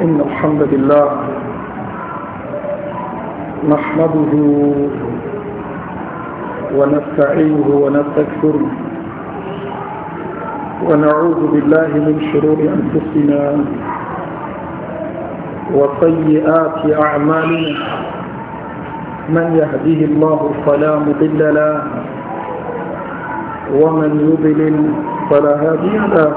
إن الحمد لله نحمده ونستعينه ونستكثره ونعوذ بالله من شرور أنفسنا وسيئات أعمالنا من يهديه الله فلا مضل له ومن يضلل فلا هادي له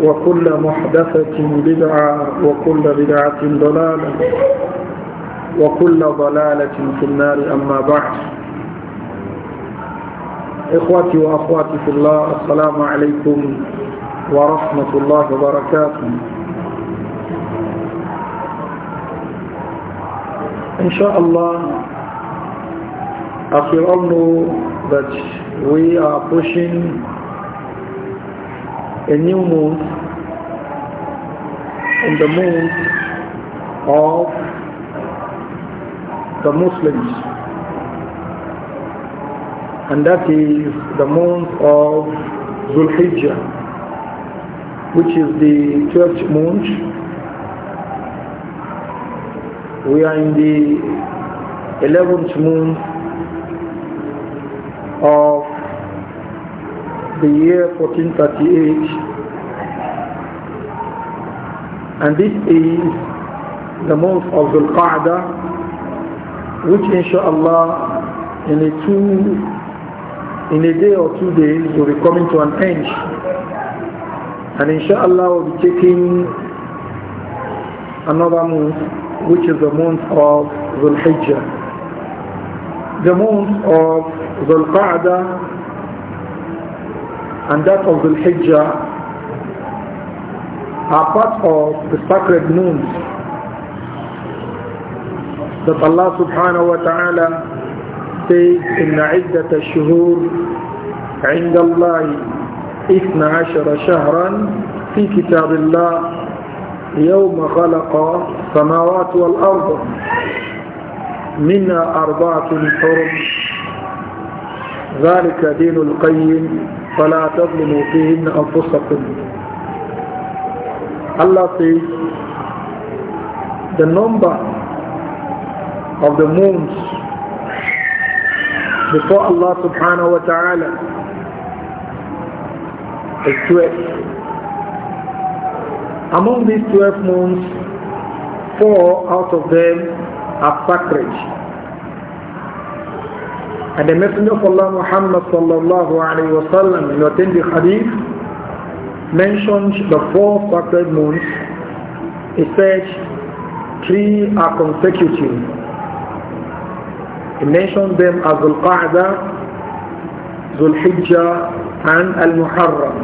وكل محدثة بدعة وكل بدعة ضلالة وكل ضلالة في النار أما بعد إخوتي وأخواتي في الله السلام عليكم ورحمة الله وبركاته إن شاء الله أخيرا we that we are pushing a new moon in the moon of the Muslims and that is the month of Zulhijjah which is the 12th month we are in the 11th month of the year 1438 and this is the month of Dhul which inshallah in a two in a day or two days will be coming to an end and inshallah we'll be taking another month which is the month of Dhul Hijjah the month of Dhul and that of the Hijjah are part of the sacred moons that Allah subhanahu wa ta'ala says إن عدة الشهور عند الله إثنى عشر شهرا في كتاب الله يوم خلق السماوات والأرض مِنَّا أربعة حرم ذلك دين القيم فلا تظلموا فيهن أنفسكم Allah says the number of the moons before Allah subhanahu wa ta'ala is 12 among these 12 moons four out of them are sacred And the Messenger of Allah Muhammad sallallahu alayhi wa sallam in authentic hadith mentioned the four sacred moons. He said three are consecutive. He mentioned them as Al-Qa'da, al-Hijjah, and Al-Muharram.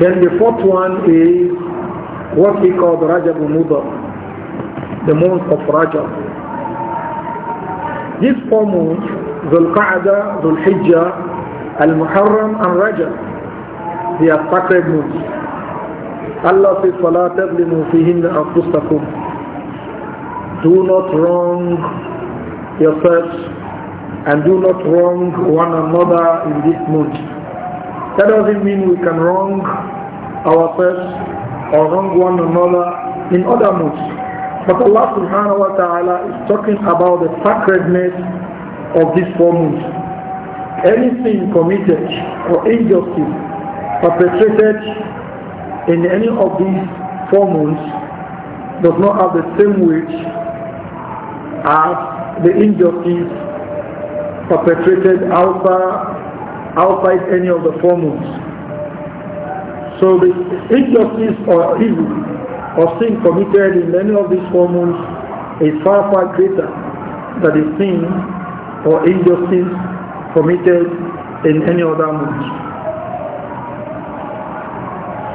Then the fourth one is what we call the Rajab Mudar, the month of Rajab. These four months, Dhul Qada, Dhul Hijjah, Al-Muharram and Rajab, they are sacred months. Allah says, فَلَا تَظْلِمُوا فِيهِنَّ أَنفُسَكُمْ Do not wrong yourselves and do not wrong one another in this month. That doesn't mean we can wrong ourselves or wrong one another in other months. But Allah subhanahu wa ta'ala is talking about the sacredness of this four Anything committed or injustice perpetrated in any of these four moons does not have the same weight as the injustice perpetrated outside, outside any of the four moons. So the injustice or evil or sin committed in many of these forms is far far greater than the sin or injustice committed in any other month.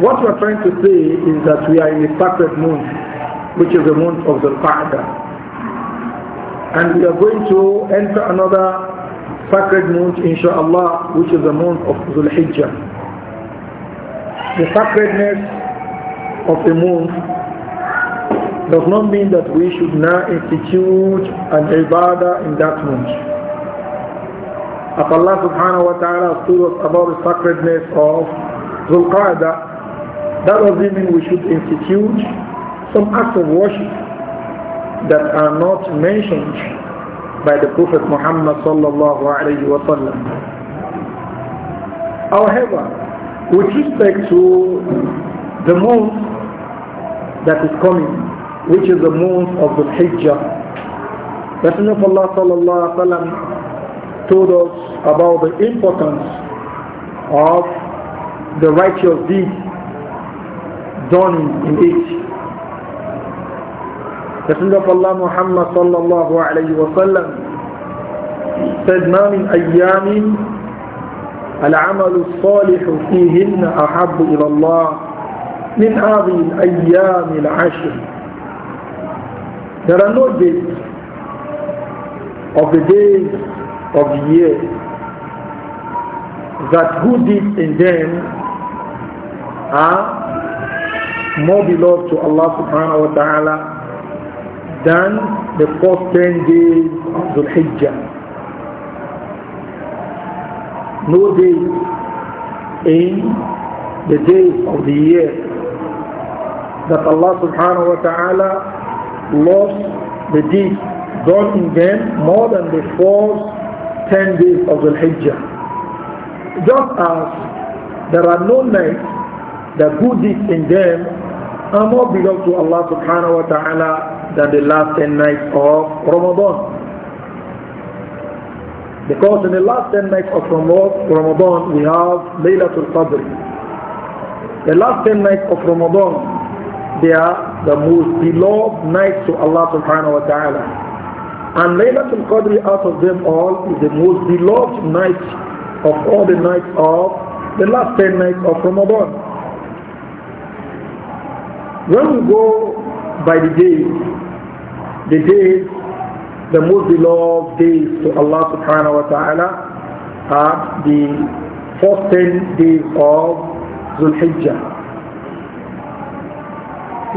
What we are trying to say is that we are in a sacred month, which is the month of the Qa'dah. And we are going to enter another sacred month, inshallah, which is the month of Dhul Hijjah. The sacredness of the moon does not mean that we should now institute an ibadah in that month. As Allah subhanahu wa ta'ala told us about the sacredness of Dhul that doesn't mean we should institute some acts of worship that are not mentioned by the Prophet Muhammad sallallahu alayhi wa sallam. However, with respect to the month that is coming, which is the month of the Hijjah. Messenger of Allah sallallahu alaihi told us about the importance of the righteous deeds done in it. Messenger of Allah Muhammad sallallahu alaihi wasallam said, "ما من أيام العمل الصالح فيهن أحب إلى الله من هذه الأيام العشر There are no dates of the days of the year that who did in them are more beloved to Allah subhanahu wa ta'ala than the first 10 days of the Hijjah. No days in the days of the year that Allah subhanahu wa ta'ala loves the deeds done in them more than the first 10 days of the Hijjah. Just as there are no nights that good deeds in them are more beloved to Allah subhanahu wa ta'ala than the last 10 nights of Ramadan. Because in the last 10 nights of Ramadan, we have Laylatul Qadr. The last 10 nights of Ramadan, they are the most beloved nights to Allah subhanahu wa ta'ala. And Laylatul Qadr out of them all is the most beloved night of all the nights of the last 10 nights of Ramadan. When we go by the days, the days, the most beloved days to Allah subhanahu wa ta'ala are the first 10 days of Zulhijjah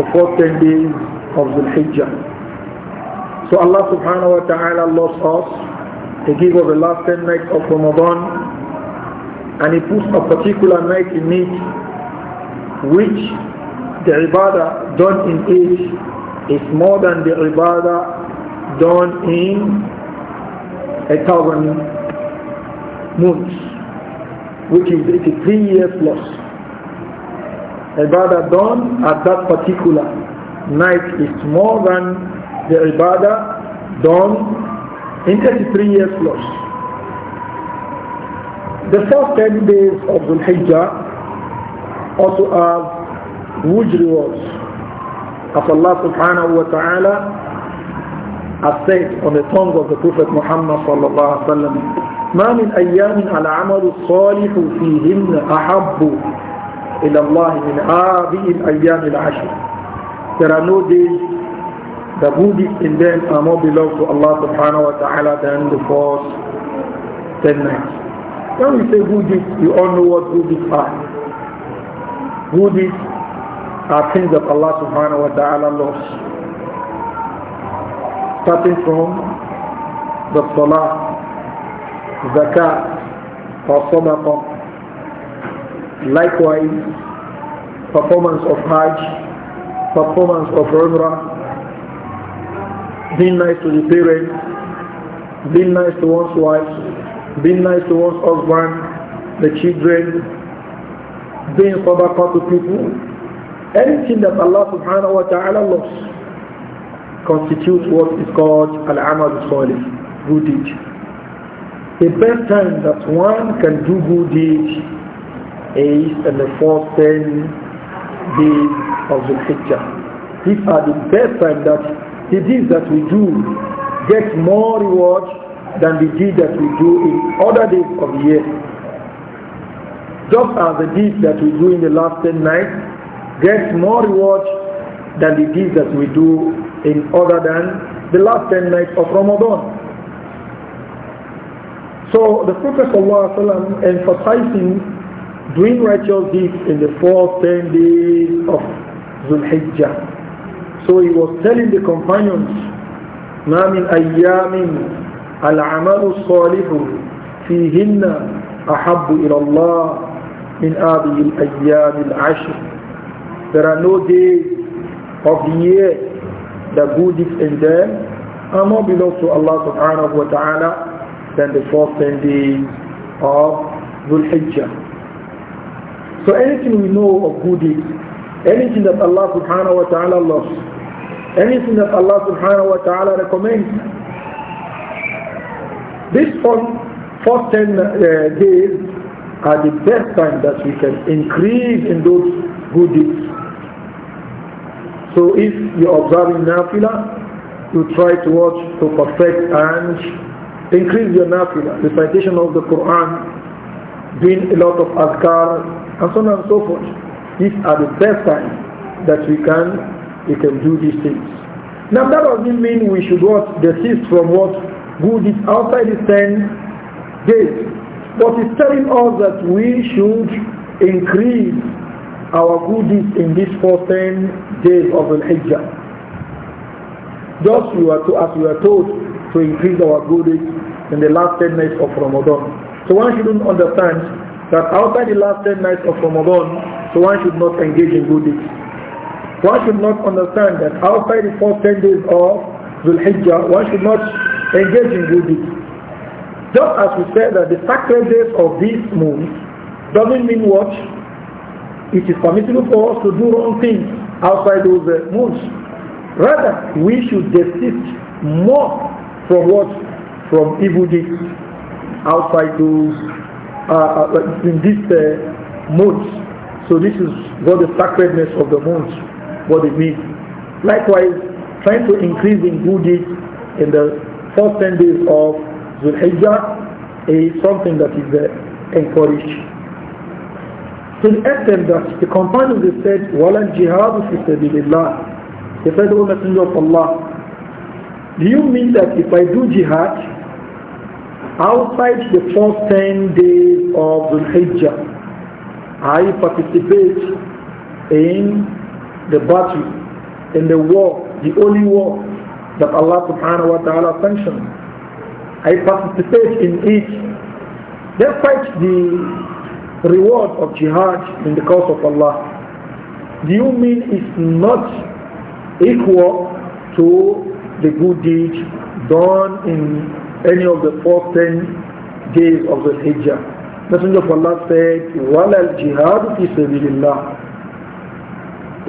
the fourth days of the Hijjah. So Allah subhanahu wa ta'ala loves us. He gives us the last 10 nights of Ramadan and He puts a particular night in it which the ibadah done in it is more than the ibadah done in a thousand months, which is 83 years lost ibadah done at that particular night is more than the ibadah done in 33 years plus. The first 10 days of the Hijjah also have huge rewards. As Allah subhanahu wa ta'ala has said on the tongue of the Prophet Muhammad sallallahu alaihi wasallam, ما من أيام العمل الصالح فيهن أحب there are no days the Buddhists in them are more beloved to Allah subhanahu wa ta'ala than the first ten nights. When we say Buddhists, you all know what Buddhists are. Buddhists are things that Allah subhanahu wa ta'ala loves. Starting from the Salah, zakat, or Sadaqah, Likewise, performance of Hajj, performance of Umrah, being nice to the parents, being nice to one's wife, being nice to one's husband, the children, being sadaqah to people, anything that Allah subhanahu wa ta'ala loves constitutes what is called al-amal salih, good deed. The best time that one can do good deeds 8 and the fourth 10 days of the picture. These are the best time that the deeds that we do get more reward than the deed that we do in other days of the year. Just as the deeds that we do in the last 10 nights get more reward than the deeds that we do in other than the last 10 nights of Ramadan. So the Prophet ﷺ emphasizing doing righteous deeds in the first 10 days of Zulhijjah. So he was telling the companions, ما من أيام العمل الصالح فيهن أحب إلى الله من هذه الأيام العشر. There are no days of the year that good deeds in them are more beloved to Allah subhanahu wa ta'ala than the first 10 days of Dhul Hijjah. So anything we know of good deeds, anything that Allah subhanahu wa ta'ala loves, anything that Allah subhanahu wa ta'ala recommends, this first, first 10 uh, days are the best time that we can increase in those good deeds. So if you're observing nafila, you try to watch to perfect and increase your nafila. Recitation of the Quran, doing a lot of Azkar and so on and so forth. These are the best times that we can we can do these things. Now that doesn't mean we should what desist from what good is outside the ten days. But it's telling us that we should increase our goodies in these 14 days of an Hijjah. Just we are to, as we are told to increase our goodies in the last 10 days of Ramadan. So one shouldn't understand that outside the last 10 nights of Ramadan, so one should not engage in good deeds. One should not understand that outside the first 10 days of Zulhijjah, one should not engage in good deeds. Just as we said that the sacred days of this month doesn't mean what? It is permissible for us to do wrong things outside those uh, months. Rather, we should desist more from what? From evil deeds outside those uh, uh, in this uh, So this is what the sacredness of the month, what it means. Likewise, trying to increase in good deeds in the first 10 days of Zulhijjah is something that is uh, encouraged. To the extent that the companions they said, وَلَا الْجِهَادُ فِي سَبِيلِ اللَّهِ They said, O Messenger of Allah, do you mean that if I do jihad, outside the first 10 days of the Hijjah, I participate in the battle, in the war, the only war that Allah subhanahu wa ta'ala sanctioned. I participate in it despite the reward of jihad in the cause of Allah. Do you mean it's not equal to the good deed done in any of the fourteen days of the Hijjah. Messenger of Allah said, وَلَا al jihad سَبِيلِ اللَّهِ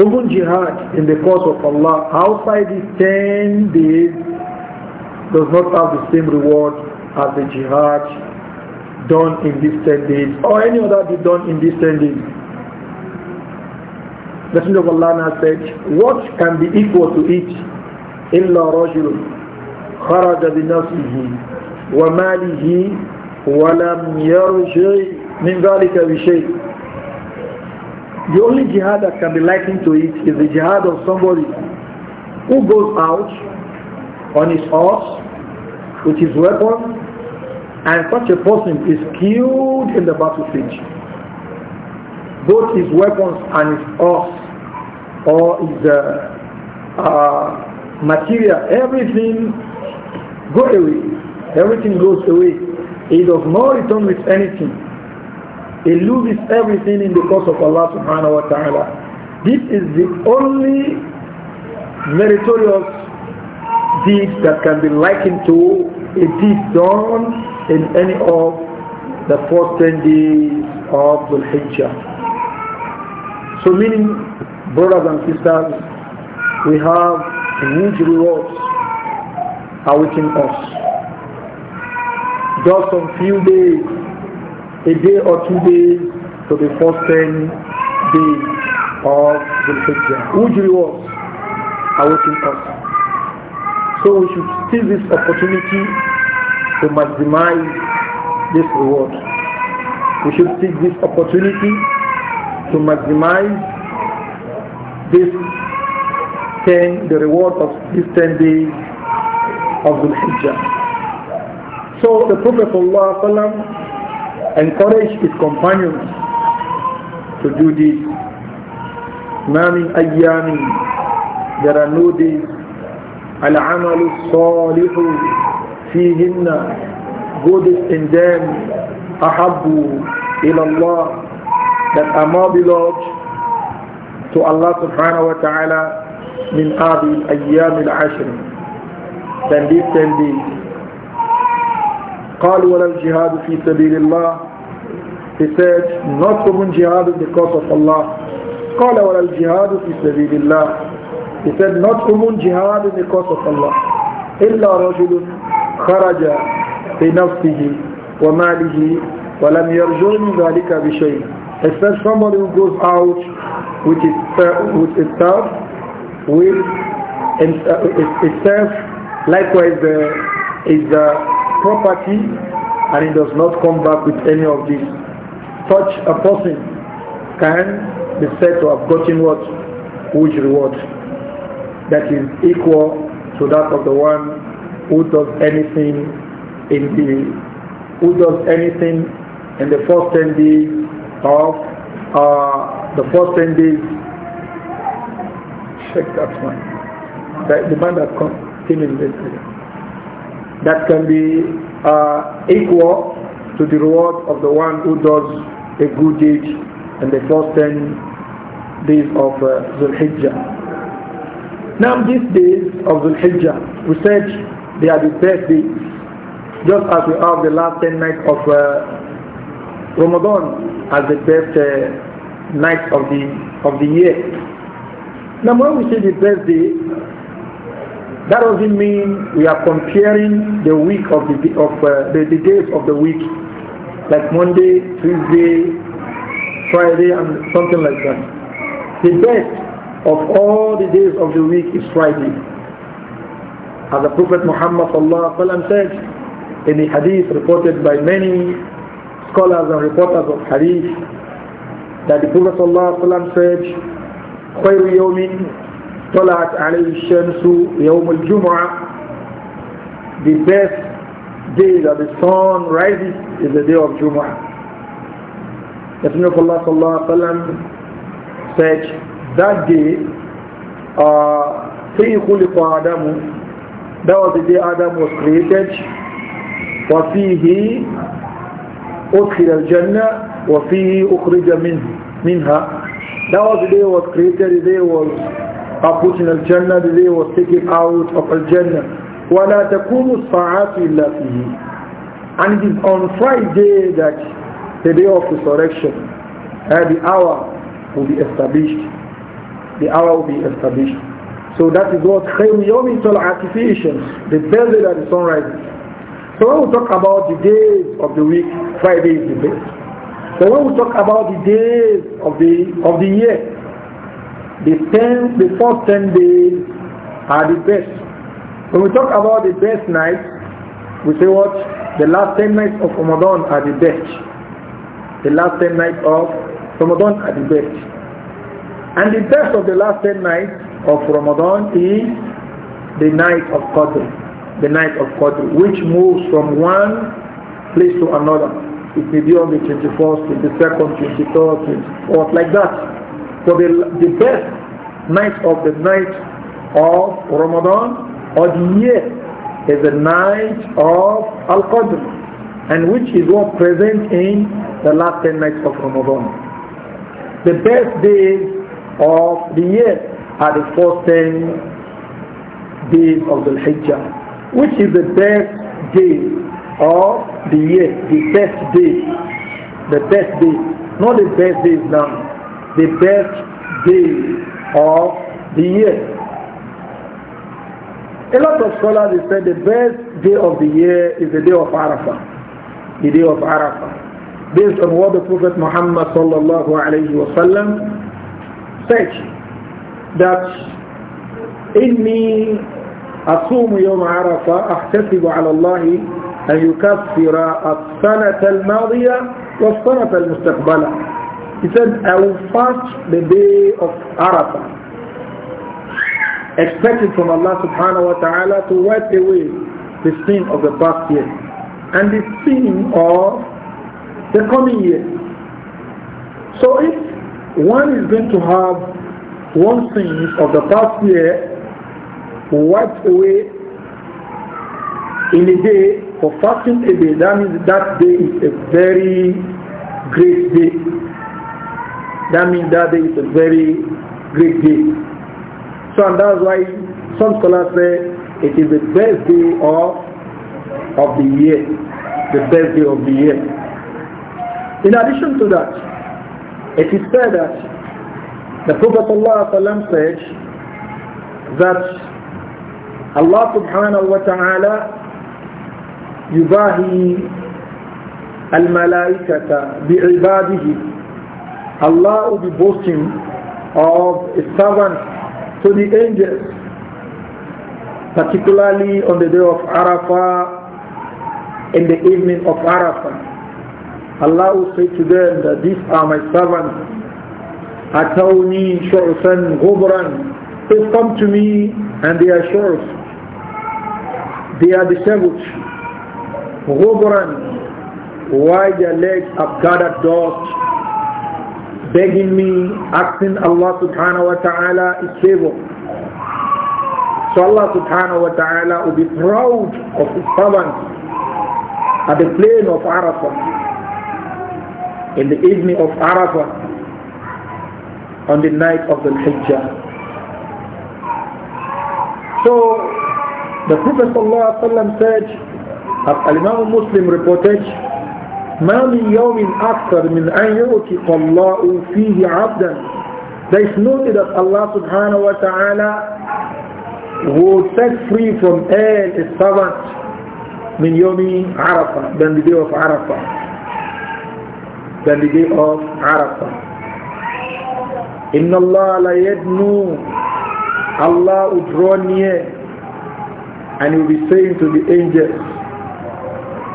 Even jihad in the cause of Allah outside these 10 days does not have the same reward as the jihad done in these 10 days or any other be done in these 10 days. Messenger of Allah said, what can be equal to it? إِلَّا رَجُلٌ خرج بنفسه وماله ولم يرجع من ذلك بشيء The only jihad that can be likened to it is the jihad of somebody who goes out on his horse with his weapon and such a person is killed in the battlefield. Both his weapons and his horse or his uh, uh, material, everything go away. Everything goes away. He does not return with anything. He loses everything in the cause of Allah subhanahu wa ta'ala. This is the only meritorious deed that can be likened to a deed done in any of the first 10 days of the Hijjah. So meaning, brothers and sisters, we have huge rewards awaiting us. Just some few days, a day or two days to the first 10 days of the Hijjah. Which rewards awaiting us. So we should seize this opportunity to maximize this reward. We should seize this opportunity to maximize this 10, the reward of these 10 days of the Hijjah. So the Prophet ﷺ encouraged his companions to do this. Mami ayyami, there are no days. Al-amalu salihu fihinna, good is in them, ahabu ilallah, that are more beloved to Allah subhanahu wa ta'ala min hadhihi al تنبيه تنبيه قال ولا الجهاد في سبيل الله He said, not common jihad because of Allah. قال ولا الجهاد في سبيل الله. He said, not common jihad because of Allah. إلا رجل خرج في نفسه وماله ولم يرجو من ذلك بشيء. Except somebody who goes out with his, with his self with himself, Likewise, the, is the property and it does not come back with any of this. Such a person can be said to have gotten what? Which reward? That is equal to that of the one who does anything in the who does anything in the first ten days of uh, the first ten days. Check that one. The, the man that comes that can be uh, equal to the reward of the one who does a good deed in the first 10 days of uh, Zulhijjah. Now these days of Zulhijjah, we said they are the best days, just as we have the last 10 nights of uh, Ramadan as the best uh, night of the, of the year. Now when we say the best day, that doesn't mean we are comparing the week of the of uh, the, the, days of the week, like Monday, Tuesday, Friday, and something like that. The best of all the days of the week is Friday, as the Prophet Muhammad said in the hadith reported by many scholars and reporters of hadith that the Prophet said, "Khairu yawmin طلعت عليه الشمس يوم الجمعة the best day that the sun rises is the day of Jumu'ah. The Prophet of Allah sallallahu said that day, uh, فِي خُلِقَ آدَمُ That was the day Adam was created. وَفِيهِ أُدْخِلَ الْجَنَّةِ وَفِيهِ أُخْرِجَ مِنْهَا That was the day was created, the day was are put in Al-Jannah, the day was taken out of Al-Jannah. وَلَا تَكُونُ إِلَّا فِيهِ And it is on Friday that the day of resurrection, uh, the hour will be established. The hour will be established. So that is what خَيْرُ يَوْمِ طَلْعَةِ فِيهِ الشَّمْسِ The best day that the sun rises. So when we talk about the days of the week, Friday is the best. So when we talk about the days of the, of the year, the ten, the first ten days are the best. When we talk about the best night, we say what? The last ten nights of Ramadan are the best. The last ten nights of Ramadan are the best. And the best of the last ten nights of Ramadan is the night of Qadr. The night of Qadr, which moves from one place to another. It may be on the 21st, 22nd, 23rd, 24th, like that for the, the best night of the night of Ramadan or the year is the night of Al-Qadr and which is what present in the last 10 nights of Ramadan. The best days of the year are the first 10 days of the Hijjah which is the best day of the year, the best day, the best day, not the best days now, the best day of the year. A lot of scholars have said the best day of the year is the day of Arafah. The day of Arafah. Based on what the Prophet Muhammad sallallahu alayhi wa sallam said that إني أصوم يوم عرفة أحتسب على الله أن يكفر السنة الماضية والسنة المستقبلة he said, I will fast the day of Arafah, expecting from Allah subhanahu wa ta'ala to wipe away the sin of the past year and the sin of the coming year. So if one is going to have one sin of the past year wiped away in a day for fasting a day, that means that day is a very great day. That means that day is a very great day. So and that's why some scholars say it is the best day of, of the year. The best day of the year. In addition to that, it is said that the Prophet ﷺ said that Allah subhanahu wa ta'ala يباهي الملائكة بعباده Allah will be boasting of his servants to the angels, particularly on the day of Arafah, in the evening of Arafah. Allah will say to them that these are my servants. Atawni shurfan ghubran. They've come to me and they are shurf. They are disheveled. Ghubran. Why their legs have gathered dust begging me, asking Allah subhanahu wa ta'ala is favor. So Allah subhanahu wa ta'ala will be proud of his servant at the plain of Arafah, in the evening of Arafah, on the night of the Hijjah. So the Prophet said, as Imam Muslim reported, ما من يوم أكثر من أن يعتق الله فيه عبدا they no day that Allah subhanahu wa ta'ala will set free from all a servant من يوم عرفة than the day of Arafah than the day of Arafah إن الله لا يدنو Allah will draw near and he will be saying to the angels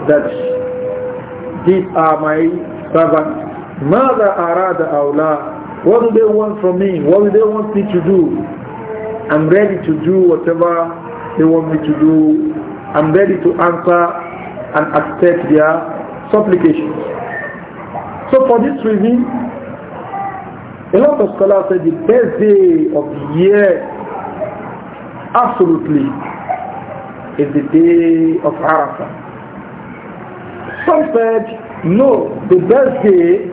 that these are my servants. Mother arada awla. What do they want from me? What do they want me to do? I'm ready to do whatever they want me to do. I'm ready to answer and accept their supplications. So for this reason, a lot of scholars say the best day of the year, absolutely, is the day of Arafah. Some said, no, the best day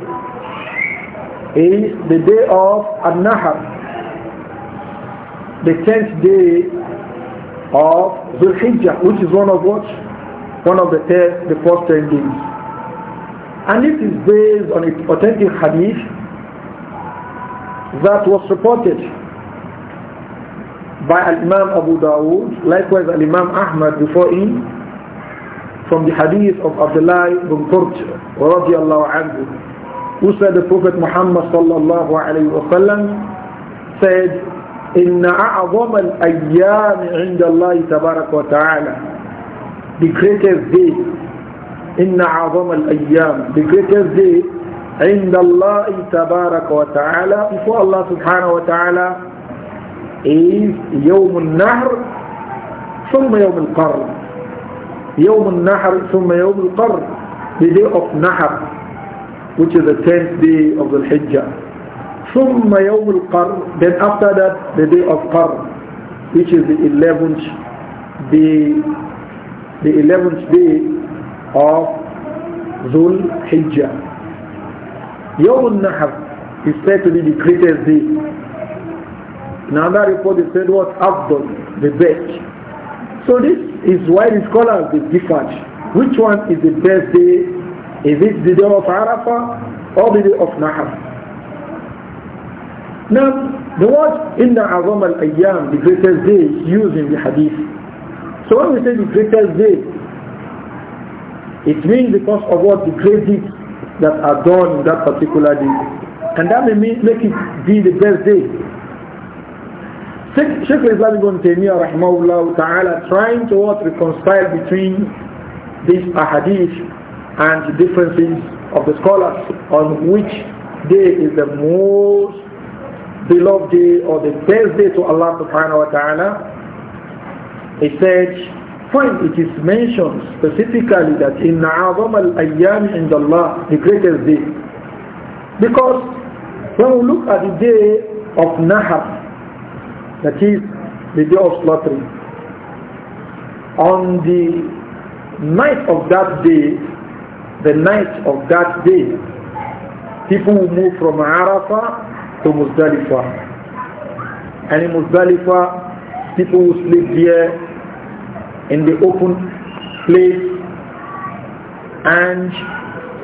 is the day of An-Nahar, the tenth day of the Hijjah, which is one of what? One of the, ten, the first ten days. And it is based on an authentic hadith that was reported by Imam Abu Dawood, likewise Imam Ahmad before him, from the hadith of Abdullah ibn Qurt radiallahu anhu who said the Prophet Muhammad sallallahu alayhi wa sallam said إن أعظم الأيام عند الله تبارك وتعالى the greatest day إن أعظم الأيام the greatest day عند الله تبارك وتعالى before Allah wa ta'ala is يوم النهر ثم يوم القرن يوم النحر ثم يوم القر the day of نحر which is the 10th day of the Hijjah ثم يوم القر then after that the day of Qar which is the 11th day the 11th day of Dhul Hijjah يوم النحر is said to be the greatest day in another report it said what? Abdul the best So this is why the scholars they differ. Which one is the best day? Is it the day of Arafah or the day of Nahar? Now, the word Inna Azam al-Ayyam, the greatest day, is used in the hadith. So when we say the greatest day, it means because of what the great deeds that are done in that particular day. And that may make it be the best day Sheikh Islam Ibn Taymiyyah rahimahullah ta'ala trying to what reconcile between this ahadith and the differences of the scholars on which day is the most beloved day or the best day to Allah subhanahu wa ta'ala. He said, fine, it is mentioned specifically that in Na'adham al-Ayyam Allah, the greatest day. Because when we look at the day of Nahar, that is the day of slaughtering. On the night of that day, the night of that day, people will move from Arafah to Muzdalifah. And in Muzdalifah, people will sleep there in the open place and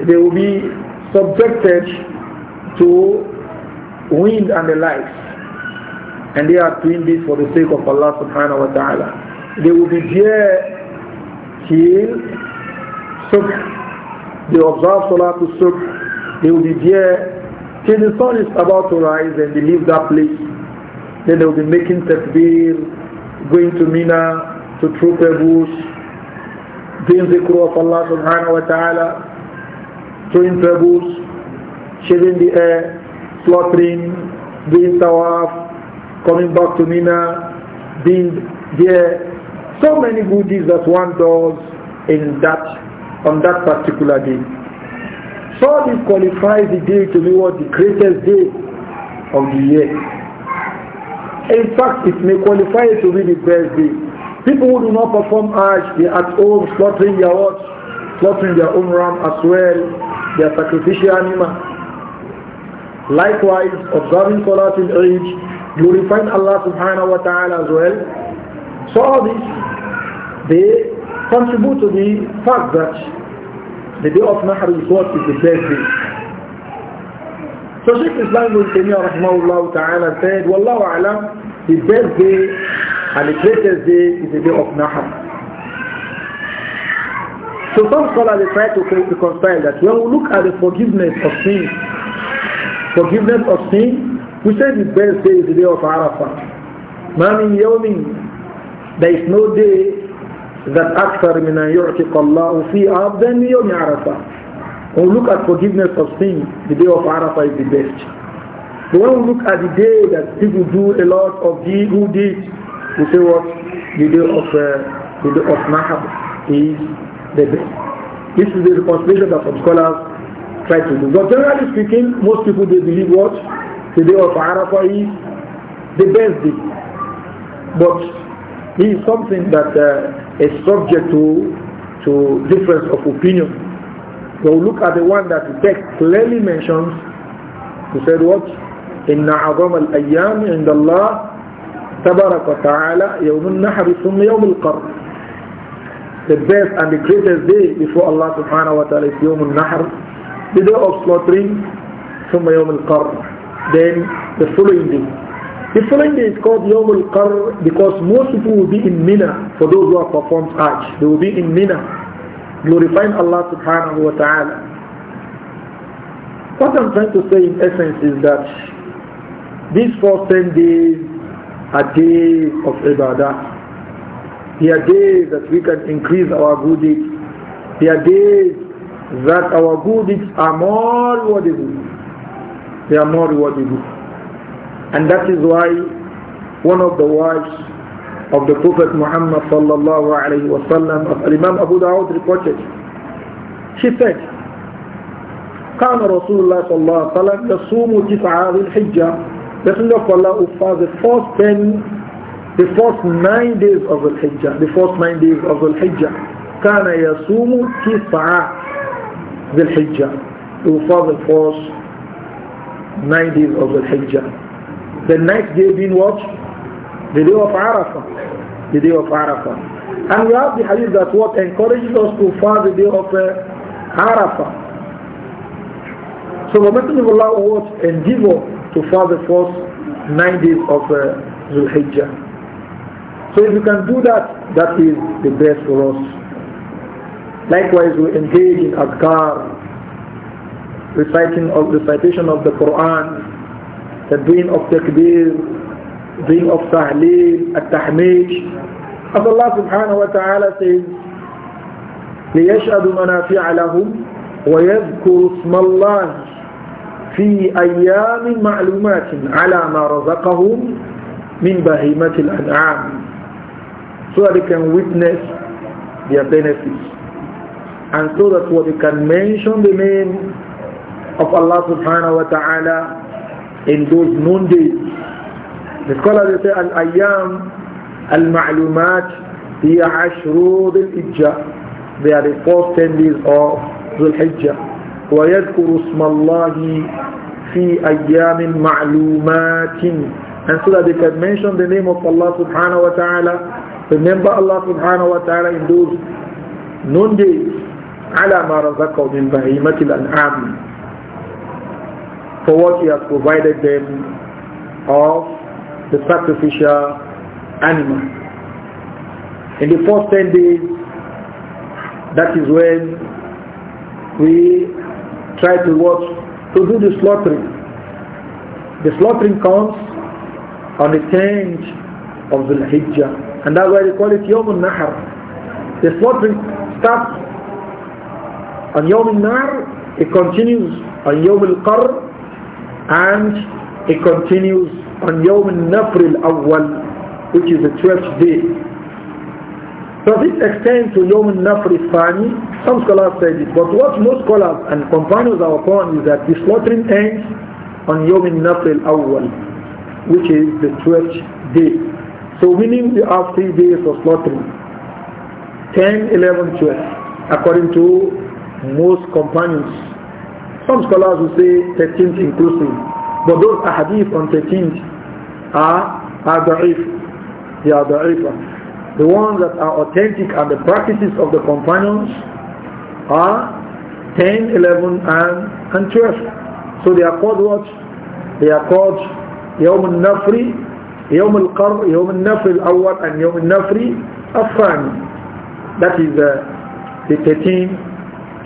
they will be subjected to wind and the likes and they are doing this for the sake of Allah subhanahu wa ta'ala. They will be there till subh. They observe salah to Subh. They will be there till the sun is about to rise and they leave that place. Then they will be making takbir, going to Mina, to True Bush, doing zikr of Allah subhanahu wa ta'ala, throwing pebbles, shaving the air, slaughtering, doing tawaf, coming back to Mina, being there. So many good deeds that one does in that, on that particular day. So this qualifies the day to be what the greatest day of the year. In fact, it may qualify it to be the best day. People who do not perform Hajj, they are at home slaughtering their what? Slaughtering their own ram as well, their sacrificial animal. Likewise, observing Salat in Eid, Glorifying Allah subhanahu wa ta'ala as well. So all this they contribute to the fact that the day of Nahr is what is the best day. So Sheikh Islam ibn Taymiyyah rahimahullah ta'ala said, Wallahu alam, the best day and the greatest day is the day of Nahr. So some scholars they try to reconcile that when we look at the forgiveness of sin, forgiveness of sin we said the best day is the day of Arafah. Mami yawmin. There is no day that أكثر من أن يعتق الله في عبد يوم عرفة. When we look at forgiveness of sin, the day of Arafah is the best. But when we look at the day that people do a lot of good deeds, we say what? The day of, uh, the day of Mahab is the best. This is the reconciliation that some scholars try to do. But generally speaking, most people, they believe what? The day of Arafah is the best day. But it is something that uh, is subject to, to difference of opinion. So look at the one that the text clearly mentions. He said what? إن عظم ayam and الله تبارك وتعالى يوم النحر ثم al-Qar. The best and the greatest day before Allah subhanahu wa ta'ala is يوم The day of slaughtering ثم al-Qar." then the following day. The following day is called Yom al because most people will be in Mina for those who have performed Hajj. They will be in Mina glorifying Allah subhanahu wa ta'ala. What I'm trying to say in essence is that these first 10 days are days of ibadah. They are days that we can increase our good deeds. They are days that our good deeds are more worthy they are more rewarded. And that is why one of the wives of the Prophet Muhammad sallallahu alayhi wa sallam of Imam Abu Dawud reported, she said, كان رسول الله صلى الله عليه وسلم يصوم تسعة ذي الحجة Messenger the first ten, the first nine days of the Hijjah, the first nine days of the Hijjah. كان يصوم تسعة ذي الحجة. He the first nine days of the Hijjah. The next day being what? The day of Arafah. The day of Arafah. And we have the hadith that what encourages us to fast the day of uh, Arafah. So the Messenger of Allah was endeavor to fast the first nine days of uh, Zulhijjah. So if you can do that, that is the best for us. Likewise, we engage in adhkar, reciting of recitation of the Quran, the doing of takbir, doing of tahleel, at-tahmid. As Allah subhanahu wa ta'ala says, ليشهدوا منافع لهم ويذكر اسم الله في أيام معلومات على ما رزقهم من بهيمة الأنعام so that they can witness their benefits and so that what they can mention the name of Allah subhanahu wa ta'ala in those noon days. The scholars say al ayam Al-Ma'lumat هي عشر ذي الحجة They are the first 10 days of the الحجة Wa اسم الله في أيام معلومات And so that they can mention the name of Allah subhanahu wa ta'ala Remember Allah subhanahu wa ta'ala in those noon days على ما رزقه من بهيمة الأنعام for what he has provided them of the sacrificial animal. In the first 10 days, that is when we try to watch, to do the slaughtering. The slaughtering comes on the 10th of the Hijjah. And that's why they call it Yom al nahr The slaughtering starts on Yom al nahr it continues on Yom al-Qarr, and it continues on Yawm Nafil nafr awwal which is the 12th day. So this extends to Yawm Nafil Sani. Some scholars say this, but what most scholars and companions are upon is that the slaughtering ends on Yawm Nafil nafr awwal which is the 12th day. So meaning we have three days of slaughtering. 10, 11, 12, according to most companions some scholars will say 13th inclusive. But those ahadith on 13th are, are da'if. They are da'if. The ones that are authentic and the practices of the companions are 10, 11, and, and 12. So they are called what? They are called يوم النفر يوم القر يوم النفر الأول and يوم النفر الثاني. That is the, uh, the 13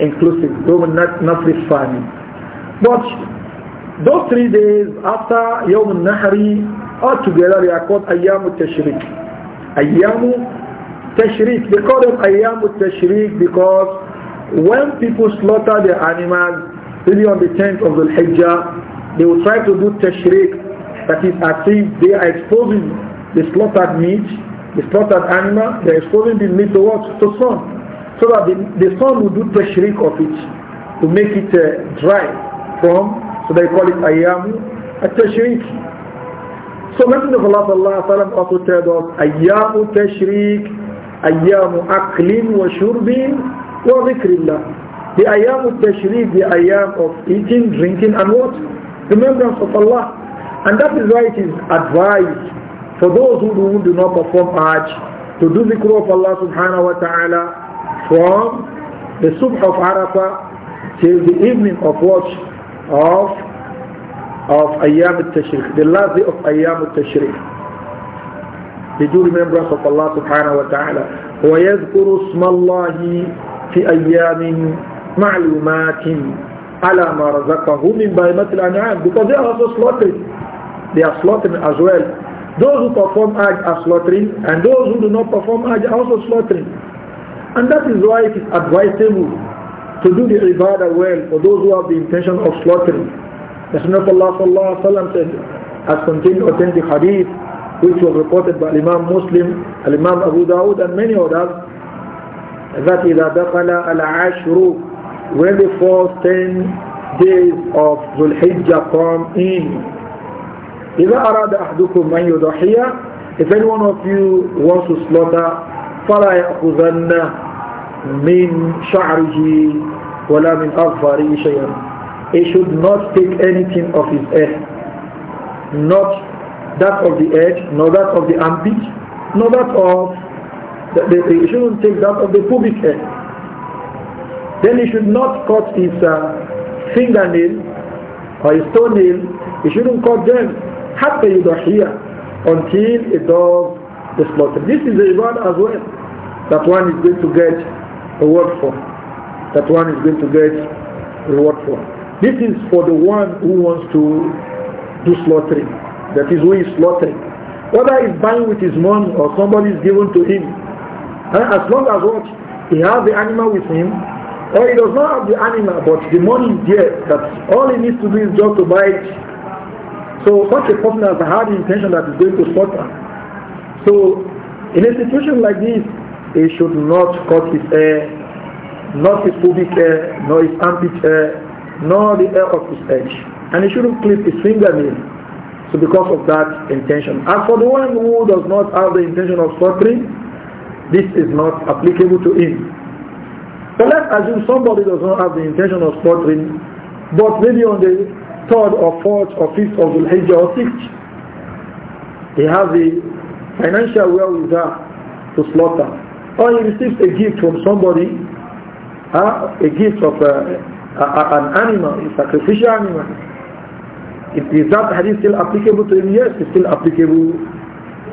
inclusive, not النفر الثاني. But those three days after يوم all altogether they are called Ayam Tashriq. Ayam Tashriq. They call them Ayam Tashriq because when people slaughter their animals, really on the 10th of the Hijjah, they will try to do Tashriq. that is as if they are exposing the slaughtered meat, the slaughtered animal, they are exposing the meat to what? To sun so that the, the sun will do tashrik of it to make it uh, dry from so they call it ayyamu at-tashrik so Messenger of Allah sallallahu alaihi wasallam also told us ayyamu tashrik ayyamu aklin wa shurbin wa dhikrillah the ayyamu tashriq, the ayyam of eating drinking and what remembrance of Allah and that is why it is advised for those who do not perform Hajj to do the of Allah subhanahu wa ta'ala from the subh of Arafah till the evening of watch of of Ayyam al-Tashriq, the last day of Ayyam al-Tashriq. They do remembrance of Allah subhanahu wa ta'ala. وَيَذْكُرُ اسْمَ اللَّهِ فِي أَيَّامٍ مَعْلُومَاتٍ عَلَى مَا رَزَقَهُ مِنْ بَيْمَةِ الْأَنْعَامِ Because they are also slaughtering. They are slaughtering as well. Those who perform Hajj are slaughtering, and those who do not perform Hajj are also slaughtering. And that is why it is advisable to do the ibadah well for those who have the intention of slaughtering. of Rasulullah sallallahu alaihi wasallam said, as contained authentic hadith, which was reported by Imam Muslim, Imam Abu Dawud and many others, that إذا دخل العشر when the first ten days of Dhul Hijjah come in, إذا أراد أحدكم أن يضحي, if any one of you wants to slaughter فلا يأخذن من شعره ولا من أظفاره شيئا He should not take anything of his head, not that of the edge, nor that of the armpit, nor that of the, he shouldn't take that of the pubic head. Then he should not cut his uh, fingernail or his toenail. He shouldn't cut them. Hatta here until it does the slaughter. This is a ibadah as well that one is going to get reward for. That one is going to get reward for. This is for the one who wants to do slaughtering. That is who is slaughtering. Whether he's buying with his money or somebody is given to him. And as long as what he has the animal with him, or he does not have the animal, but the money is there. That all he needs to do is just to buy it. So such a person has had the intention that he's going to slaughter. So in a situation like this, he should not cut his hair, not his pubic hair, nor his armpit hair, nor the hair of his head. And he shouldn't clip his fingernail. So because of that intention. As for the one who does not have the intention of slaughtering, this is not applicable to him. But let's assume somebody does not have the intention of slaughtering, but maybe on the third or fourth or fifth of the Hijjah or sixth, he has the financial wherewithal to slaughter. Or he receives a gift from somebody, uh, a gift of uh, an animal, a sacrificial animal. Is that hadith still applicable to him? Yes, it's still applicable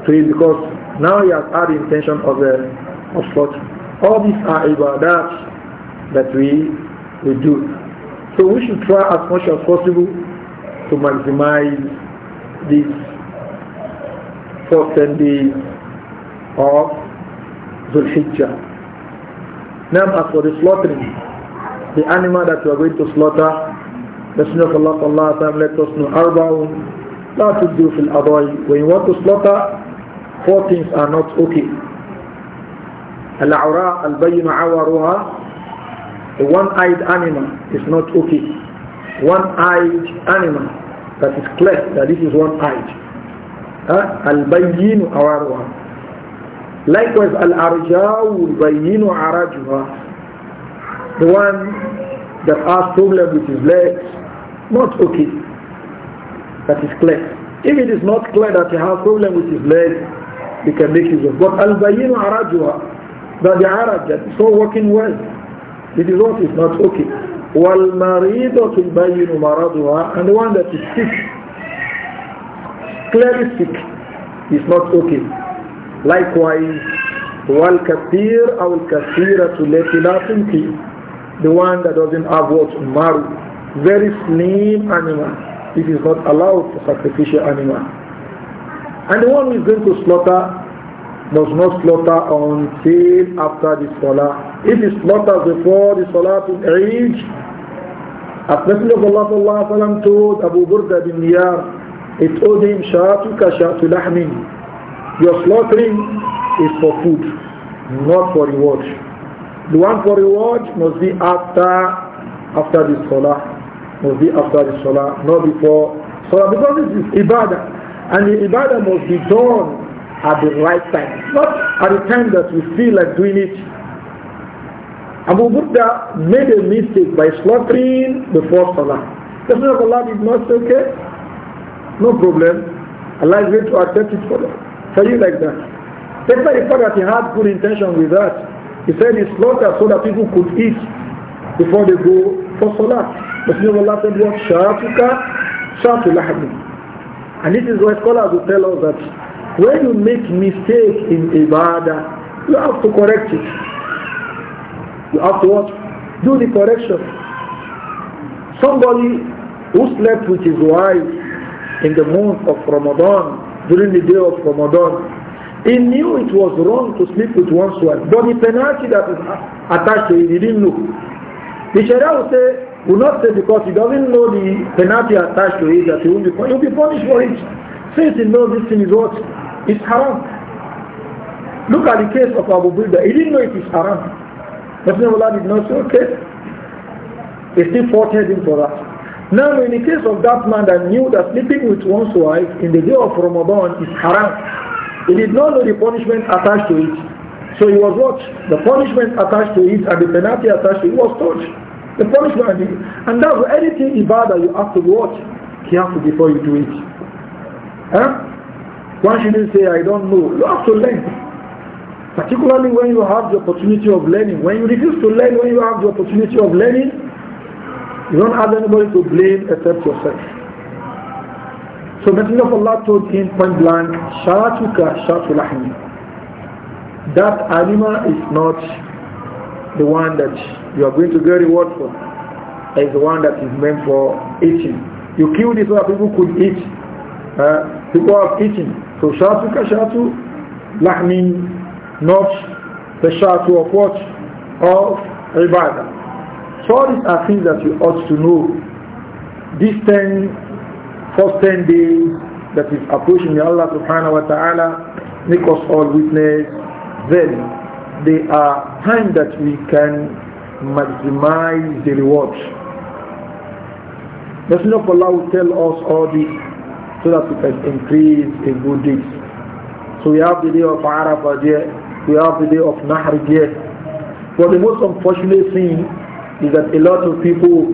to him because now he has had the intention of, uh, of slaughter. All these are ibadat that we, we do. So we should try as much as possible to maximize these fourth Sunday of Zulhijjah. Now as for the slaughtering, the animal that you are going to slaughter, Messenger of Allah let us know, Arba'un, la tuddu fil adai. When you want to slaughter, four things are not okay. Al-awra, al-bayyin awaruha, the one-eyed animal is not okay. One-eyed animal that is clear that this is one-eyed. البين عوارها likewise الأرجاء البين عراجها the one that has problem with his legs not okay that is clear if it is not clear that he has problem with his legs we can make use of but البين عراجها that the araj that is not working well it is is not okay والمريضة البين مرضها and the one that is sick clearly sick is not okay. Likewise, والكثير أو الكثيرة to لا تنكي the one that doesn't have what maru very slim animal it is not allowed for sacrificial animal and the one who is going to slaughter does not slaughter until after the salah if he slaughters before the salah to age as Messenger of Allah told Abu Burda bin Niyar he told him, Sha'atuka sha'atu lahmin. Your slaughtering is for food, not for reward. The one for reward must be after after the salah, must be after the salah, not before salah, because it is ibadah, and the ibadah must be done at the right time, not at the time that we feel like doing it. Abu Burda made a mistake by slaughtering before salah. The Prophet of Allah did not say, okay, no problem. Allah is going to accept it for For you like that. Take my fact that he had good intention with that, he said he slaughtered so that people could eat before they go for salah. Messenger of Allah said, what? Sha'atuka, sha'atu And this is why scholars will tell us that when you make mistake in ibadah, you have to correct it. You have to what? Do the correction. Somebody who slept with his wife in the month of Ramadan, during the day of Ramadan. He knew it was wrong to sleep with one's wife, but the penalty that is attached to it, he didn't know. The Sharia will say, will not say because he doesn't know the penalty attached to it that he will be, he'll be punished for it. Since he knows this thing is what? It's haram. Look at the case of Abu Buddha. He didn't know it is haram. But Allah did not say, okay. He still fought him for that. Now, in the case of that man that knew that sleeping with one's wife in the day of Ramadan is haram, he did not know the punishment attached to it. So he was what? The punishment attached to it and the penalty attached to it was touched. The punishment. And that's anything ibadah you have to watch careful before you do it. Huh? One shouldn't say, I don't know. You have to learn. Particularly when you have the opportunity of learning. When you refuse to learn, when you have the opportunity of learning, you don't have anybody to blame except yourself. So Messenger of Allah told him point blank, Sharatuka Sharatul That animal is not the one that you are going to get reward for. It's the one that is meant for eating. You killed it so that people could eat. Uh, people are eating, So Sharatuka sharatul Lahmi, not the Sharatu of what? Of Ibadah all these are things that you ought to know. These 10, first 10 days that is approaching, may Allah subhanahu wa ta'ala make us all witness them. They are time that we can maximize the reward. Messenger of Allah will tell us all this so that we can increase in good deeds. So we have the day of Arafah there, we have the day of Nahr there. But the most unfortunate thing is that a lot of people,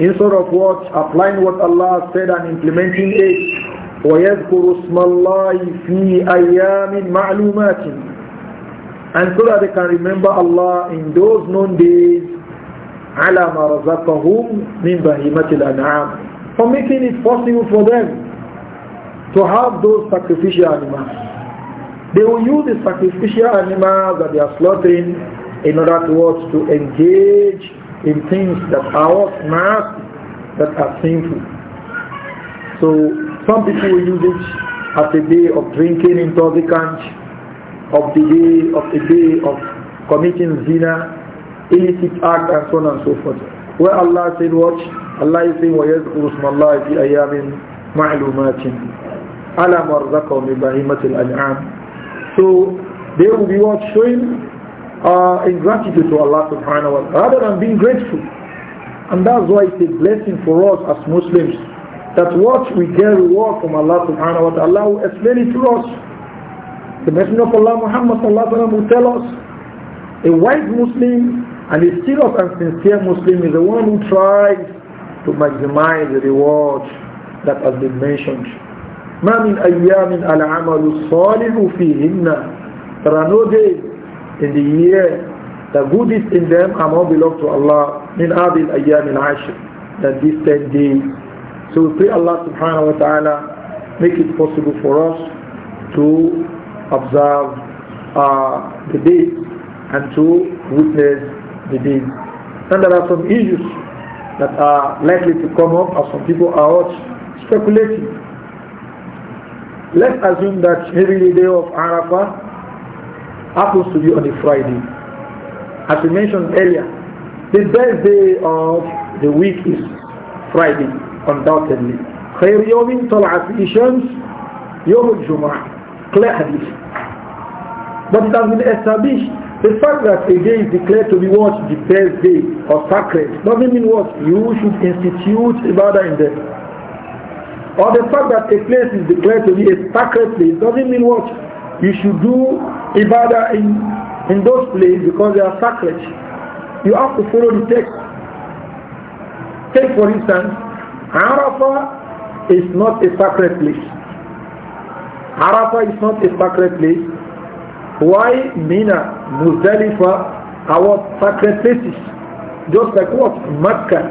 instead of what, applying what Allah said and implementing it, ويذكر اسم الله في أيام معلومات and so that they can remember Allah in those known days على ما رزقهم من بهيمة الأنعام for making it possible for them to have those sacrificial animals they will use the sacrificial animals that they are slaughtering in order to us to engage in things that are not mass that are sinful. So some people will use it as a day of drinking intoxicants, of the day of the day of committing zina, illicit act and so on and so forth. Where Allah said watch, Allah is saying وَيَذْكُرُ اسْمَ اللَّهِ فِي أَيَّامٍ مَعْلُومَاتٍ عَلَى مَرْزَقَهُ مِنْ So they will be watching uh, gratitude to Allah subhanahu wa ta'ala rather than being grateful. And that's why it's a blessing for us as Muslims that what we get reward from Allah subhanahu wa ta'ala. Allah will explain it to us. The Messenger of Allah Muhammad sallallahu alayhi wa will tell us a wise Muslim and a serious and sincere Muslim is the one who tries to maximize the reward that has been mentioned. ما من أيام العمل الصالح فيهن There no days in the year the good is in them are more belong to Allah In Abil al-ayyam al-ashr than these 10 days so we pray Allah subhanahu wa ta'ala make it possible for us to observe uh, the days and to witness the days and there are some issues that are likely to come up as some people are out speculating. Let's assume that maybe the day of Arafah happens to be on a Friday. As we mentioned earlier, the best day of the week is Friday, undoubtedly. خير يوم طلعت فيه الشمس يوم الجمعة clear hadith. But it has been established the fact that a day is declared to be what the best day or sacred doesn't mean what you should institute ibadah in there. Or the fact that a place is declared to be a sacred place doesn't mean what you should do ibadah in, in those places because they are sacred. You have to follow the text. Take for instance, Arafah is not a sacred place. Arafah is not a sacred place. Why Mina, Muzdalifah our sacred places? Just like what? Makkah.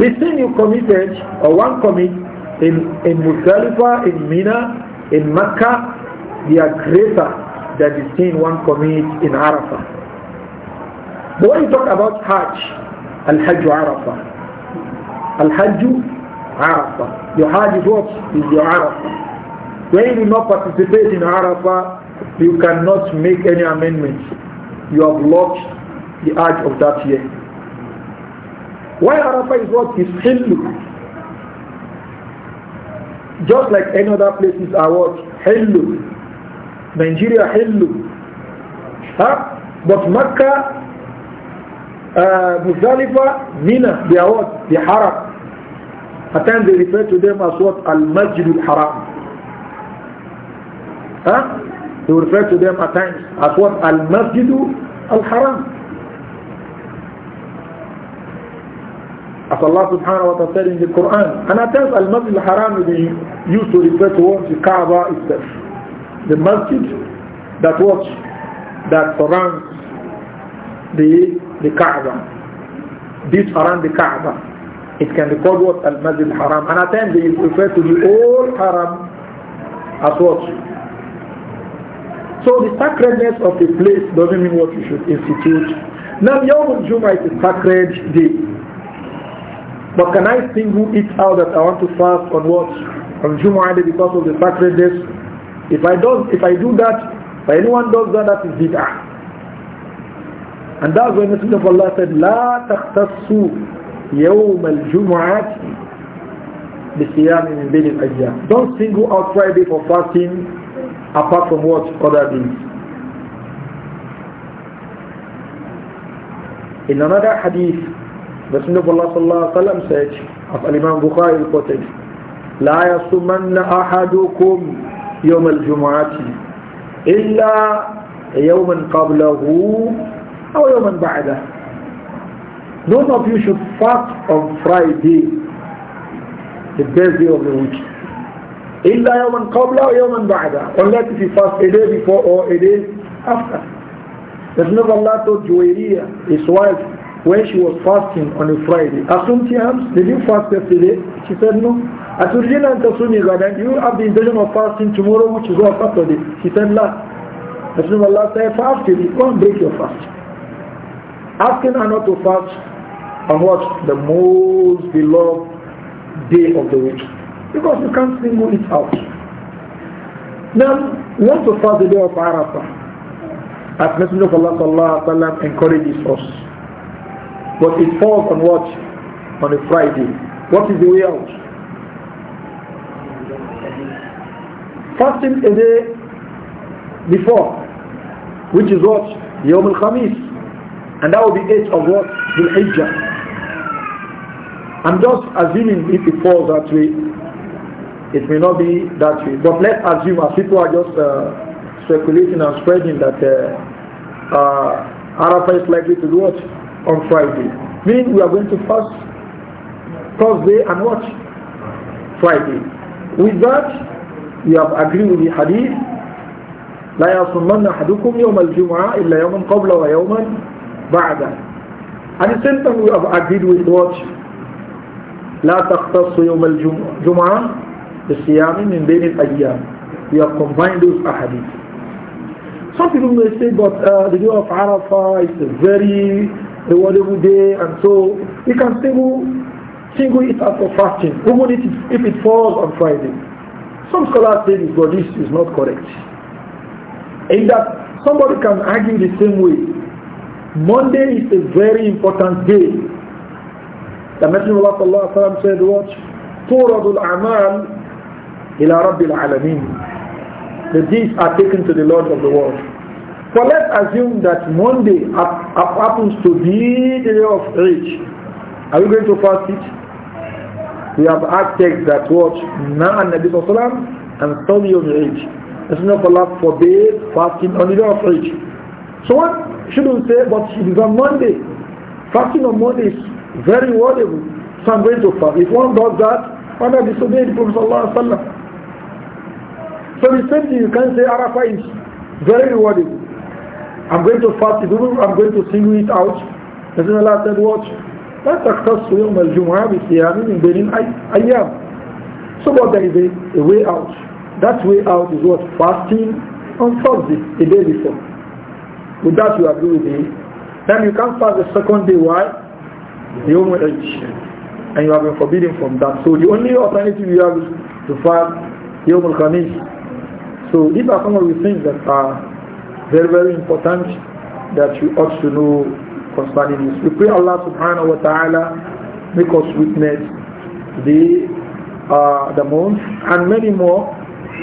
The sin you committed or one commit in, in Muzdalifah, in Mina, in Makkah the aggressor than the sin one commits in Arafah. But when you talk about Hajj, Al-Hajj Arafah. Al-Hajj Arafah. Your Hajj is what? Is your Arafah. When you do not participate in Arafah, you cannot make any amendments. You have lost the Hajj of that year. Why Arafah is what? Is Hindu? just like any other places are what? Hello. Nigeria Hillu. Huh? But Mecca, uh, Mina, they are what? They haram. At times they refer to them as what? Al-Majid al-Haram. Huh? They refer to them at times as what? Al-Masjid al-Haram. As Allah subhanahu wa ta'ala said in the Quran. And at times Al-Masjid al-Haram is used to refer to what? The Kaaba itself. the masjid that what that surrounds the the Kaaba. This around the Kaaba. It can be called what Al Masjid Haram. And at times they refer to the old Haram as what. So the sacredness of the place doesn't mean what you should institute. Now Yom Jum'ah is a sacred day. But can I single it out that I want to fast on what? On Jum'ah because of the sacredness if I, do, if I do that, if anyone does that, that is bid'ah. And that's when the Messenger of Allah said, لا تختصوا يوم الجمعة بصيام من بين الأيام. Don't single out Friday for fasting apart from what other days. In another hadith, the Messenger of Allah sallallahu said, of Imam Bukhari reported, لا يصومن أحدكم يوم الجمعة إلا يوما قبله أو يوما بعده None of you should fast on Friday, the best day of the week. إلا يوما قبله أو يوما بعده unless if you fast a day before or a day after. The Messenger of Allah told Juwairiyah, his wife, when she was fasting on a Friday. Asumtiham, did you fast yesterday? She said no. Aturjina and Tasumi Gadan, you have the intention of fasting tomorrow, which is on Saturday. She said la. Rasulullah said, fast You can not break your fast. Asking her not to fast on what? The most beloved day of the week. Because you can't single it out. Now, we want to fast the day of Arafah. As Messenger of Allah sallallahu encourages us. But it falls on what? On a Friday. What is the way out? Fasting a day before, which is what? Yom al-Khamis. And that will be eight of what? Dhul Hijjah. I'm just assuming if it falls that way, it may not be that way. But let's assume, as people are just uh, speculating and spreading, that uh, uh, Arafah is likely to do what? on Friday. Meaning we are going to fast Thursday and watch Friday. With that, we have agreed with the hadith لا يصومن أحدكم يوم الجمعة إلا يوما قبل ويوما بعد. At the same time, we have agreed with what? لا تختص يوم الجمعة بصيام من بين الأيام. We have combined those ahadith. Some people may say, but uh, the day of Arafah is very the wonderful day, and so you can single, single it out for fasting, even if it, if it falls on Friday. Some scholars say this, but this is not correct. In that somebody can argue the same way. Monday is a very important day. The Messenger of Allah said, watch, تورد الأعمال ila Rabbil العالمين. The deeds are taken to the Lord of the world. But let's assume that Monday happens to be the day of Eid. Are we going to fast it? We have had texts that watch Na'an Nabi Sallallahu and Sunday of Eid. The Sunnah of Allah forbade fasting on the day of Eid. So what shouldn't say, but it is on Monday. Fasting on Monday is very worthy. So I'm going to fast. If one does that, one has disobeyed Prophet Sallallahu Alaihi Wasallam. So the same thing you can say Arafah is very worthy. I'm going to fast I'm going to single it out. Rasulullah said, watch. لا تختص يوم in بصيام I, I am. So what there is a, a way out. That way out is what? Fasting on Thursday, the day before. With that you agree with me. Then you can't fast the second day. Why? The Yom And you have been forbidden from that. So the only alternative you have is to fast Yom al -Khamis. So these are some of the things that are very, very important that we ought to know concerning this. We pray Allah subhanahu wa ta'ala make us witness the, uh, the month and many more.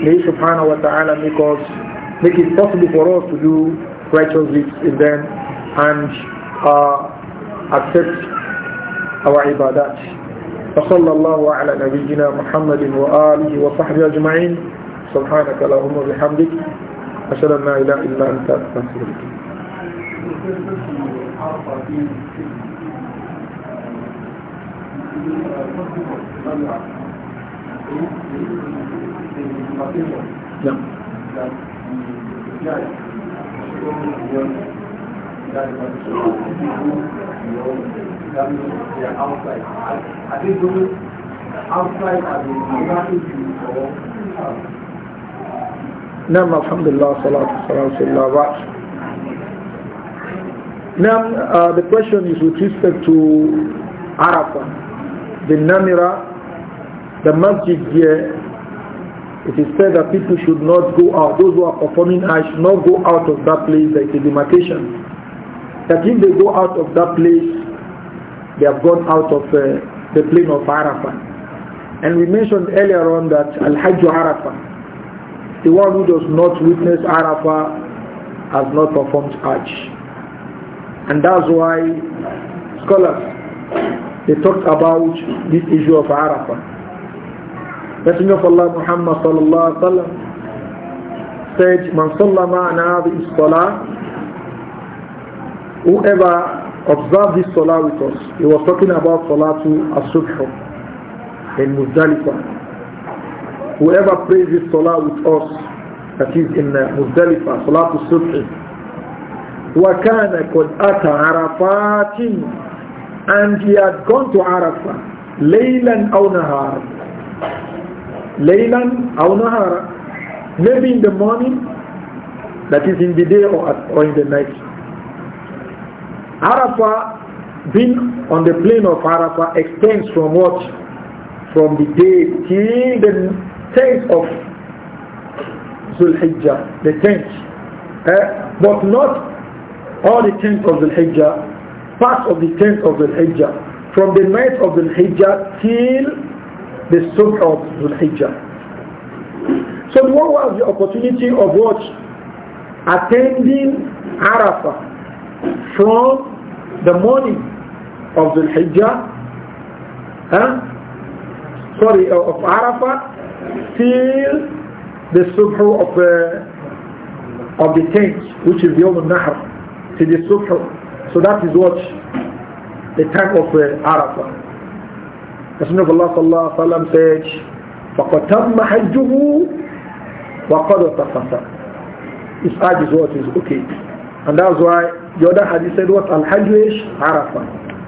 May subhanahu wa ta'ala make us, make it possible for us to do righteous deeds in them and uh, accept our ibadat. وصلى الله على نبينا محمد وآله وصحبه أجمعين سبحانك اللهم وبحمدك أشهد أن لا إله إلا أنت أستغفرك نعم outside. I think outside are the نعم الحمد لله صلاة والسلام على الله Now, uh, the question is with respect to Arafah, the Namira, the masjid here. It is said that people should not go out. Those who are performing Hajj should not go out of that place. There is a demarcation. That if they go out of that place, they have gone out of uh, the plane of Arafah. And we mentioned earlier on that Al-Hajj Arafah. The one who does not witness Arafah has not performed Hajj. And that's why scholars, they talked about this issue of Arafah. Messenger of Allah Muhammad sallallahu alaihi wasallam said, "Man salla ma'ana salah whoever observed this salah with us, he was talking about salah to Asubh in Muzdalifah whoever praises salah with us, that is in uh, Muzdalifah, Salatul Subhi, وَكَانَ قَدْ أَتَى عَرَفَاتٍ And he had gone to Arafah, لَيْلًا أَوْ نَهَارًا لَيْلًا أَوْ نَهَارًا Maybe in the morning, that is in the day or, at, or in the night. Arafah, being on the plain of Arafah, extends from what? From the day till the tenth of Hijjah, the tenth. Uh, but not all the tenth of Hijjah. part of the tenth of Hijjah, from the night of Hijjah till the start of Hijjah. So the one who has the opportunity of what? Attending Arafah from the morning of the Hijjah, huh? Eh? sorry, of Arafah till the subh of, uh, of the tent, which is the al-Nahr, till the subh. So that is what the time of uh, Arafah. The Sunnah of Allah sallallahu alayhi wa sallam said, فَقَدْ تَمَّ حَجُّهُ وَقَدْ وَتَفَسَى His Hajj is what is okay. And that's why the other hadith said what? Al-Hajj Arafah.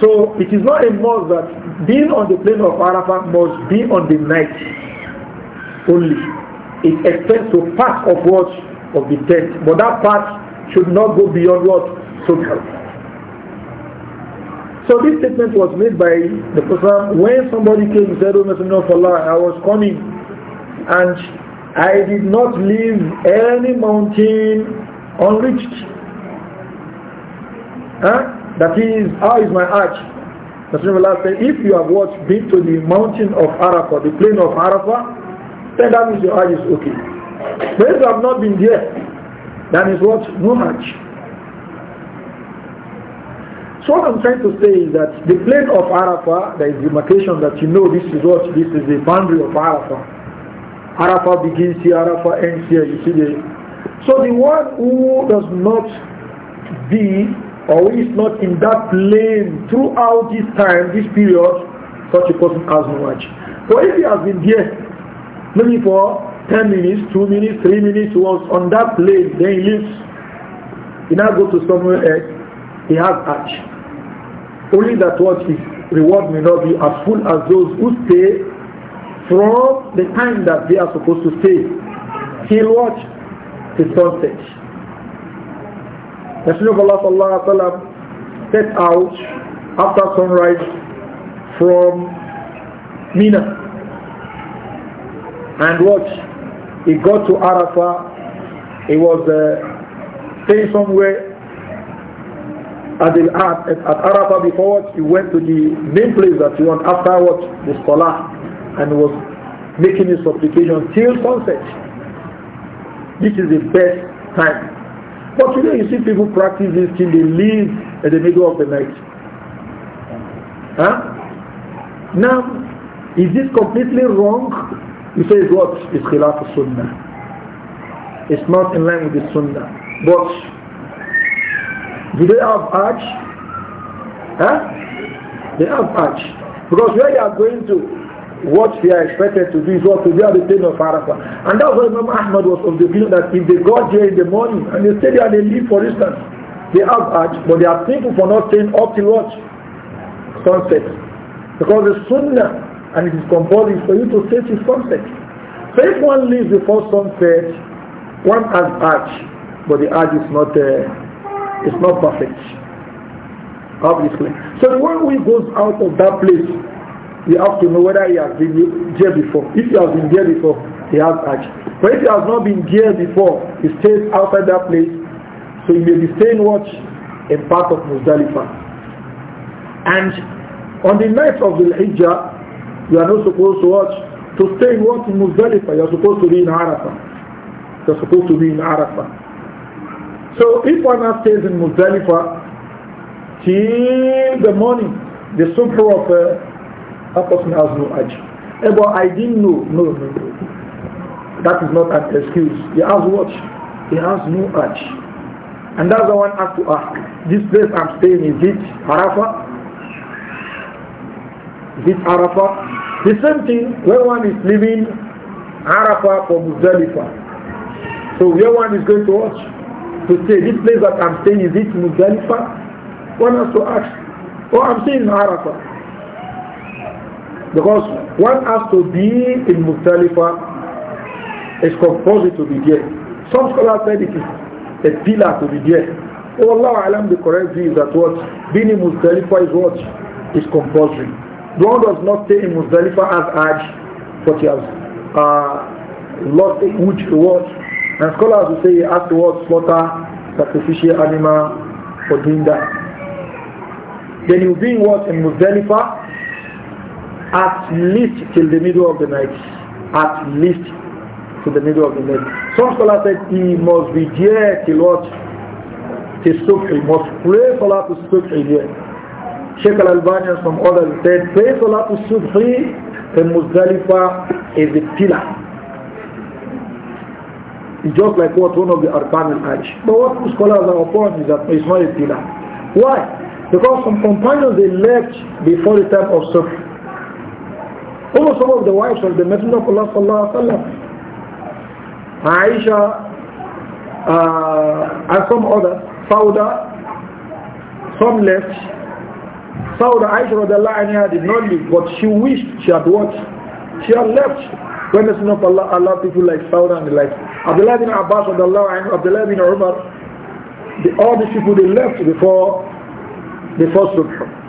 So it is not a must that being on the plane of Arafat must be on the night only. It extends to part of what? Of the tent. But that part should not go beyond what? Subhan. So this statement was made by the person when somebody came and said, O Messenger of Allah, I was coming and I did not leave any mountain unreached. Huh? That is, how is my Hajj? Rasulullah said, if you have watched, been to the mountain of Arafah, the plain of Arafah, then that means your arch is okay. But if you have not been there, that is what? No arch. So what I'm trying to say is that the plain of Arafah, there is demarcation that you know this is what, this is the boundary of Arafah. Arafah begins here, Arafah ends here, you see the... So the one who does not be or who is not in that plane throughout this time, this period, such a person has no watch. But if he has been there, maybe for 10 minutes, 2 minutes, 3 minutes, was on that plane, then he leaves. He now goes to somewhere else, he has hajj. Only that what his reward may not be as full as those who stay from the time that they are supposed to stay till watch The sunset. Messenger of Allah sallallahu set out after sunrise from Mina and what he got to Arafah he was uh, staying somewhere at, the, at, at Arafah before what he went to the main place that he went after what the scholar and was making his supplication till sunset this is the best time but today you see people practice this till they leave at the middle of the night. Huh? Now, is this completely wrong? You say what? It's khilaf sunnah. It's not in line with the sunnah. But do they have arch? Huh? They have arch. Because where you are going to, what they are expected to do is what to be at the plain of Arafah. And that's why Imam Ahmad was of the opinion that if they go there in the morning and they stay there and they leave, for instance, they have Hajj, but they are thankful for not staying up till what? Sunset. Because the Sunnah, and it is compulsory for you to stay till sunset. So if one leaves before sunset, one has Hajj, but the Hajj is not, uh, it's not perfect obviously. So the one who goes out of that place you have to know whether he has been there before. If he has been there before, he has Hajj. But if he has not been there before, he stays outside that place, so he may be staying watch in part of Muzdalifa. And on the night of the Hijjah, you are not supposed to watch, to stay watching what in you are supposed to be in Arafah. You are supposed to be in Arafah. So if one stays in Muzdalifa till the morning, the subh of uh, That person has no edge. Hey, but I didn't know. No, no, no. That is not an excuse. He has what? He has no edge. And that's the one has to ask. This place I'm staying, is it Arafah? Is it Arafah? The same thing Where one is leaving Arafah for Muzdalifah. So where one is going to watch? To stay? this place that I'm staying, is it Muzdalifah? One has to ask, oh, I'm staying in Arafah. Because one has to be in Mutalifa, it's compulsory to be there. Some scholars said it is a pillar to be there. Oh Allah Alam, the correct view is that what? Being in is what? Is compulsory. One does not stay in Muzdalifah as Hajj, but he has uh, lost a huge reward. And scholars will say he has to what? Slaughter, sacrificial animal for doing that. Then you'll be in what? In Muzdalifah, at least till the middle of the night. At least to the middle of the night. Some scholars said he must be there till what? Till subh. He must pray for salat to subh here. Sheikh al-Albani and some others said pray for salat to subh in Muzdalifah is a pillar. It's just like what one of the Arkan al-Hajj. But what scholars are upon is that it's not a pillar. Why? Because some companions they left before the time of subh. Who some of the wives of the Messenger of Allah sallallahu Aisha uh, and some others. Sauda, some left. Sauda Aisha radiallahu anha did not leave, but she wished she had watched. She had left when the Messenger of Allah, Allah people like Sauda and the like. Abdullah bin Abbas, Abdullah, Abdullah bin Umar, the, all these people they left before, before Subh.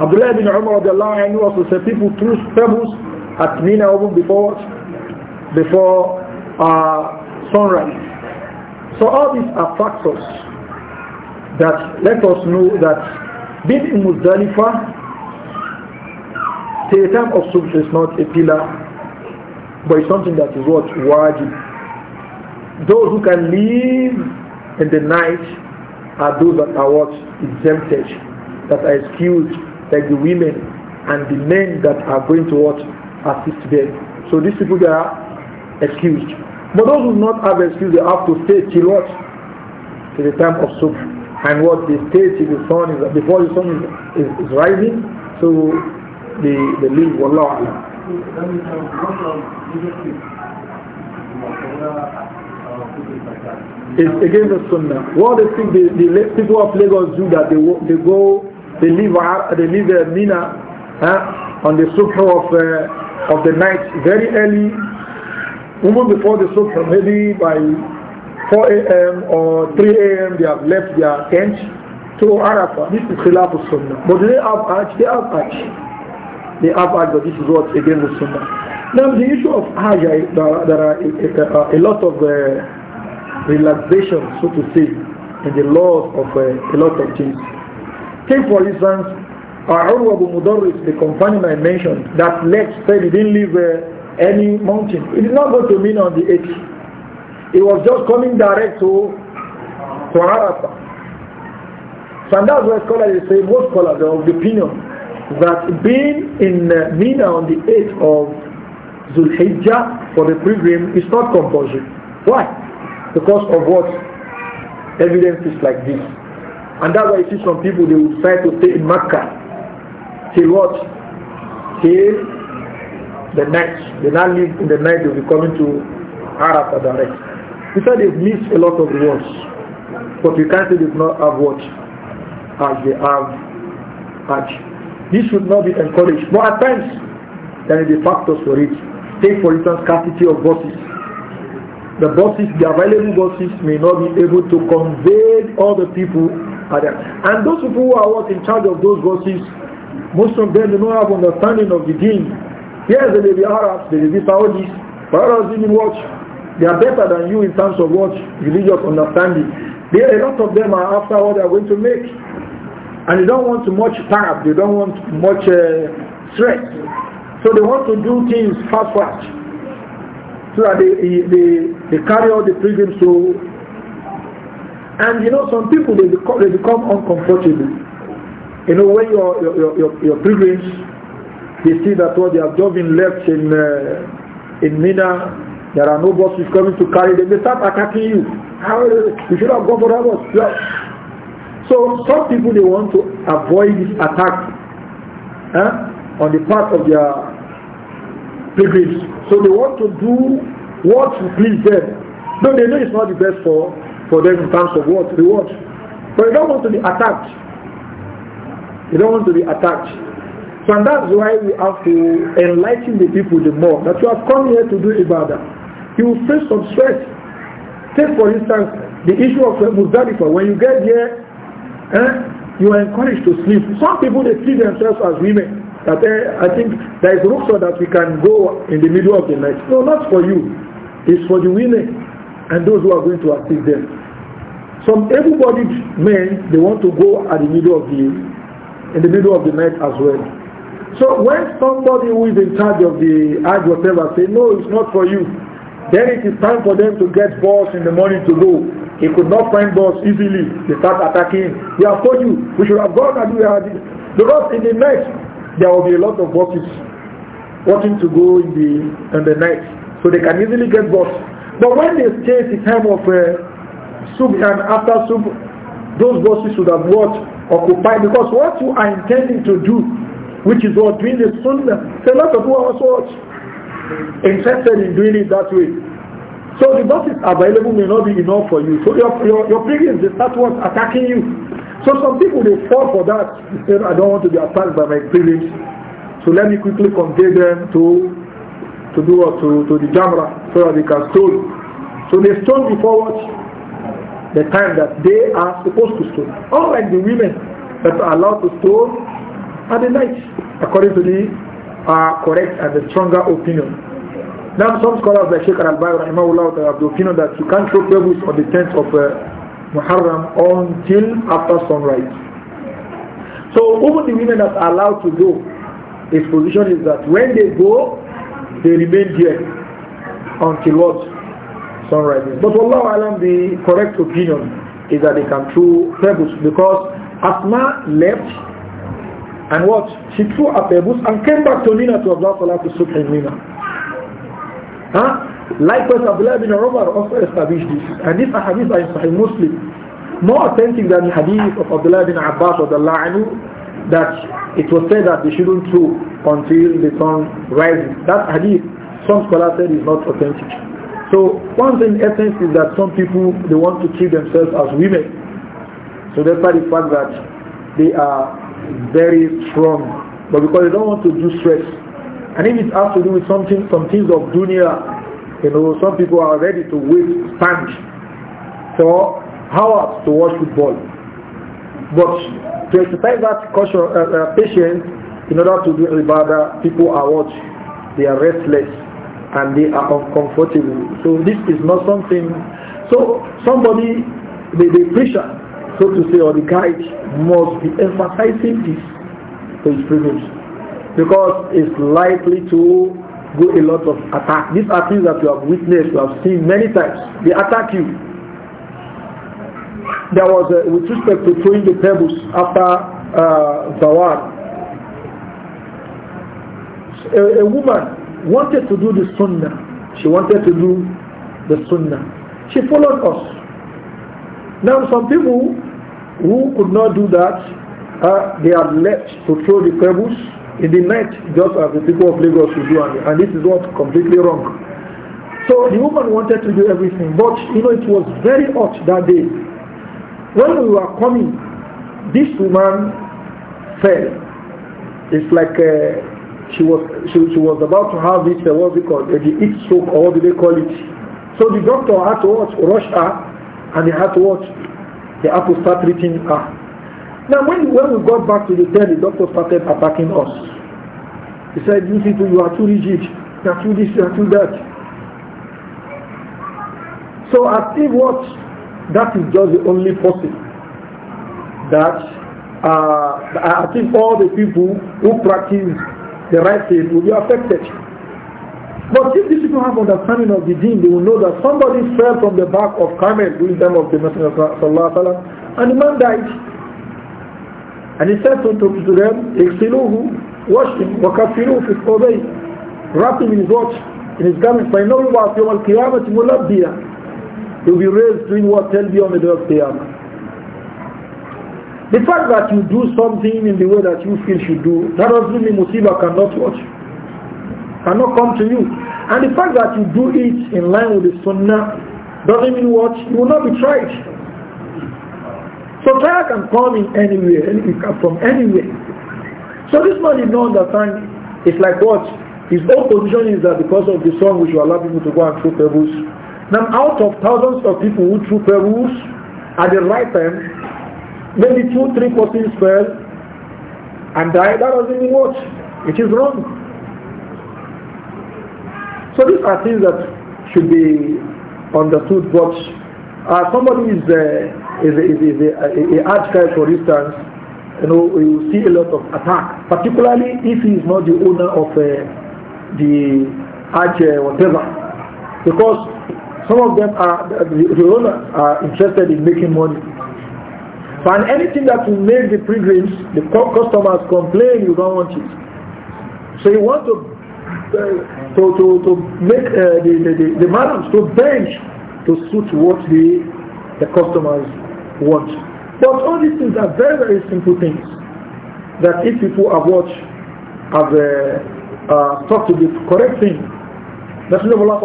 Abdullah bin Umar radiallahu was also say people threw pebbles at Mina Obun before before uh, sunrise. So all these are factors that let us know that being in the time of subh is not a pillar but it's something that is what wajib. Those who can live in the night are those that are what exempted, that are excused like the women and the men that are going to what assist them. So these people they are excused. But those who do not have excuse, they have to stay till what? Till the time of soup. And what they stay till the sun is before the sun is, is, is rising, so they, they leave Allah. It's against the sunnah. What they think the, the people of Lagos do that they, they go they leave, they leave uh, Mina uh, on the subh of, uh, of the night very early, even before the subh, maybe by 4 a.m. or 3 a.m. they have left their tent to Arafah. This is Khilaf sunnah But they have Hajj, they have Hajj. They have Hajj, but this is what again the Sunnah. Now the issue of Hajj, there, are uh, a, lot of uh, relaxation, so to say, in the laws of a lot of things. Take for instance, our ibn Mudarris, the companion I mentioned, that left said he didn't leave uh, any mountain. He did not go to Mina on the 8th. He was just coming direct to, to Arafah. So and that's why scholars say, most scholars are of the opinion that being in uh, Mina on the 8th of Zulhijjah for the pilgrim is not compulsory. Why? Because of what? evidence is like this. And that's why you see some people, they will try to stay in Mecca till what? Till the night. They now leave in the night, they'll be coming to Arafah direct. He said they've missed a lot of rewards. But you can't say they've not have what? As they have had. This should not be encouraged. More attempts times, there is a factors for it. Take for instance scarcity of buses the buses, the available buses may not be able to convey all the people and those people who are what in charge of those verses, most of them do not have understanding of the deen. Yes, they may be Arabs, they may be Saudis, but Arabs didn't watch. They are better than you in terms of what religious understanding. There a lot of them are after what they are going to make. And they don't want much power. they don't want much uh, stress. So they want to do things fast fast. So that they, they, they carry out the pilgrims to and you know, some people, they become, they become uncomfortable. You know, when your, your, your, your pilgrims, they see that what oh, they have just been left in, uh, in Mina, there are no buses coming to carry them, they start attacking you. How, you should have gone for that bus. So some people, they want to avoid this attack eh, on the part of their pilgrims. So they want to do what will please them. No, they know it's not the best for for them in terms of what? Reward. But you don't want to be attacked. You don't want to be attacked. So and that's why we have to enlighten the people the more that you have come here to do ibadah. You will face some stress. Take for instance the issue of Muzdalifah. When you get here, eh, you are encouraged to sleep. Some people they see themselves as women. That eh, I think there is room so that we can go in the middle of the night. No, not for you. It's for the women. and those who are going to assist them. Some everybody men, they want to go at the middle of the, in the middle of the night as well. So when somebody who is in charge of the ad whatever say, no, it's not for you, then it is time for them to get boss in the morning to go. He could not find boss easily. They start attacking. We have told you, we should have gone and we had it. Because in the night, there will be a lot of bosses wanting to go in the, in the night. So they can easily get boss. But when they stay the time of uh, sub and after soup, those bosses should have what? Occupied. Because what you are intending to do, which is what doing the sunnah, a lot of people are also interested in doing it that way. So the bosses available may not be enough for you. So your, your, your pilgrims, they start what? Attacking you. So some people, they fall for that. They say, I don't want to be attacked by my pilgrims. So let me quickly convey them to to do what to, to the Jamra so that they can stone. So they stone before what? The time that they are supposed to stone. Unlike the women that are allowed to stone at the night, according to the uh, correct and the stronger opinion. Now some scholars like Sheikh Al-Albay have the opinion that you can't throw pebbles on the tent of uh, Muharram until after sunrise. So even the women that are allowed to go, his position is that when they go, they remain there until what? Sunrise. But Allah Alam, the correct opinion is that they can throw pebbles because Asma left and what? She threw a pebbles and came back to Mina to Abdullah Salah to Sukh in Mina. Huh? Likewise, Abdullah bin Umar also established this. And this hadith is Sahih Muslim. More authentic than the hadith of Abdullah bin Abbas or the anhu that it was said that they shouldn't throw until the sun rises. That hadith, some scholars said is not authentic. So one thing essence is that some people, they want to treat themselves as women. So that's why the fact that they are very strong. But because they don't want to do stress. And if it has to do with something, some things of dunya, you know, some people are ready to wait, stand for hours to watch football. But to exercise that caution, uh, uh, patience in order to do ibadah, people are what? They are restless and they are uncomfortable. So this is not something. So somebody, the, the preacher, so to say, or the guide must be emphasizing this to his patients, because it's likely to go a lot of attack. These are things that you have witnessed, you have seen many times. They attack you there was, a, uh, with respect to throwing the pebbles after uh, Zawar, a, a, woman wanted to do the sunnah. She wanted to do the sunnah. She followed us. Now some people who could not do that, uh, they are left to throw the pebbles in the night just as the people of Lagos would do and, this is what completely wrong. So the woman wanted to do everything but you know it was very hot that day when we were coming, this woman fell. It's like uh, she was she, she, was about to have this uh, what we call uh, the heat stroke or what do they call it. So the doctor had to watch, rush her, and he had to watch. the had to start treating her. Now when when we got back to the tent, the doctor started attacking us. He said, "You people, you are too rigid. You are too this. You are too that." So I still what that is just the only person that uh, I think all the people who practice the right thing will be affected. But if these people have understanding of the deen, they will know that somebody fell from the back of Carmel during the time of the Messenger of Allah, and the man died. And he said to, them, Iqsiluhu, wash him, wakafiruhu fi wrap him in his watch, in his garment, he will not be there. You'll be raised doing what? Tell you on the day of Qiyamah. The fact that you do something in the way that you feel should do, that doesn't mean Musiba cannot watch, cannot come to you. And the fact that you do it in line with the Sunnah doesn't mean what? You will not be tried. So trial can come in anywhere, from anywhere. So this man did not understand. It's like what? His own position is that because of the song which will allow people to go and throw pebbles, now out of thousands of people who threw Perus at the right time, maybe two, three persons fell and died. That doesn't mean what? It is wrong. So these are things that should be understood. But uh, somebody is a, uh, is a, is a, is uh, a, a, a for instance, you know, you see a lot of attack, particularly if he is not the owner of uh, the archer, uh, whatever. Because some of them are, are interested in making money. and anything that will make the pilgrims, the customers complain, you don't want it. So you want to uh, to, to, to make uh, the, the, the, the madams to bench to suit what the, the customers want. But all these things are very, very simple things that if people have watched, have uh, uh, talked to the correct thing, Rasulullah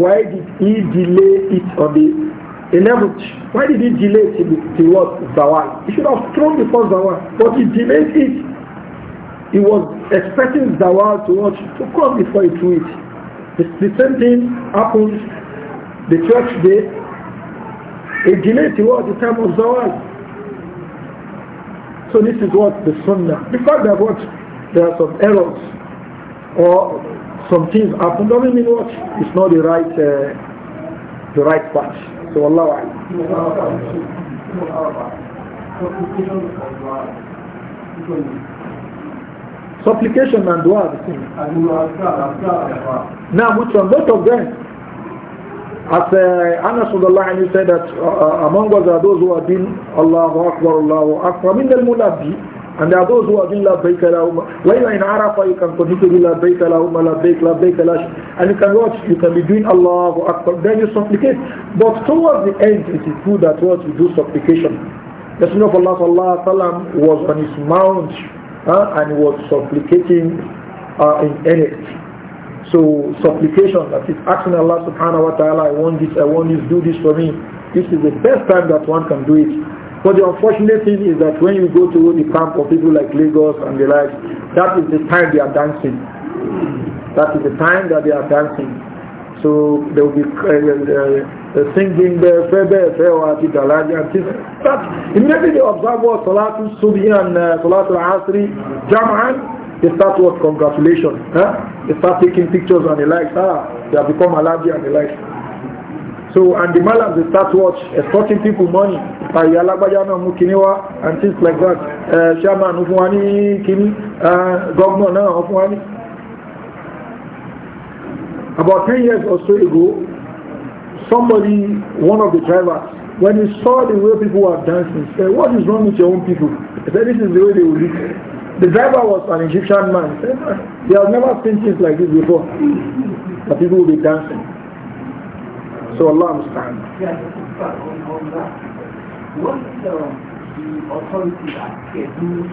why did he delay it on the eleventh? Why did he delay it to, what? Zawal. He should have thrown before Zawal, but he delayed it. He was expecting Zawal to watch to come before he threw it. The, the same thing happens the church day. It delayed towards the time of Zawal. So this is what the Sunnah. Because there are what? There are some errors or some things happen doesn't mean what it's not the right uh, the right path. So Allah. Supplication and dua Now which one? Both of them. As uh, Anas Allah and you said that uh, uh, among us are those who have been Allahu Akbar, Allahu Akbar, min al-mulabbi. And there are those who are in labbaik Allahumma. When you are in Arafah, you can continue to do labbaik Allahumma, labbaik, labbaik Allahumma. And you can watch, you can be doing Allah. Akbar. Then you supplicate. But towards the end, it is good that what you do supplication. The Sunnah of Allah sallallahu alayhi wa was on his mount uh, and was supplicating uh, in it. So supplication, that is asking Allah subhanahu wa ta'ala, I want this, I want this, do this for me. This is the best time that one can do it. But the unfortunate thing is that when you go to the camp of people like Lagos and the like, that is the time they are dancing. That is the time that they are dancing. So they will be uh, uh, uh, uh singing the Febe, Fewati, Dalaji, and things. But immediately they observe what Salatu Subhi and uh, Salatul Asri, Jam'an, they start what congratulations huh? they start taking pictures and the like. ah they have become allergic and the like. So, and the malams, they start watch, extorting people money. Ayé alágbájá náà mú kíní wá, and things like that. Uh, chairman ó fún wa ní kíní, uh, governor náà ó About 10 years or so ago, somebody, one of the drivers, when he saw the way people were dancing, said, what is wrong with your own people? He said, this is the way they will live. The driver was an Egyptian man. He said, they ah, have never seen things like this before, that people will be dancing. So Allah understand. the authorities are scheduled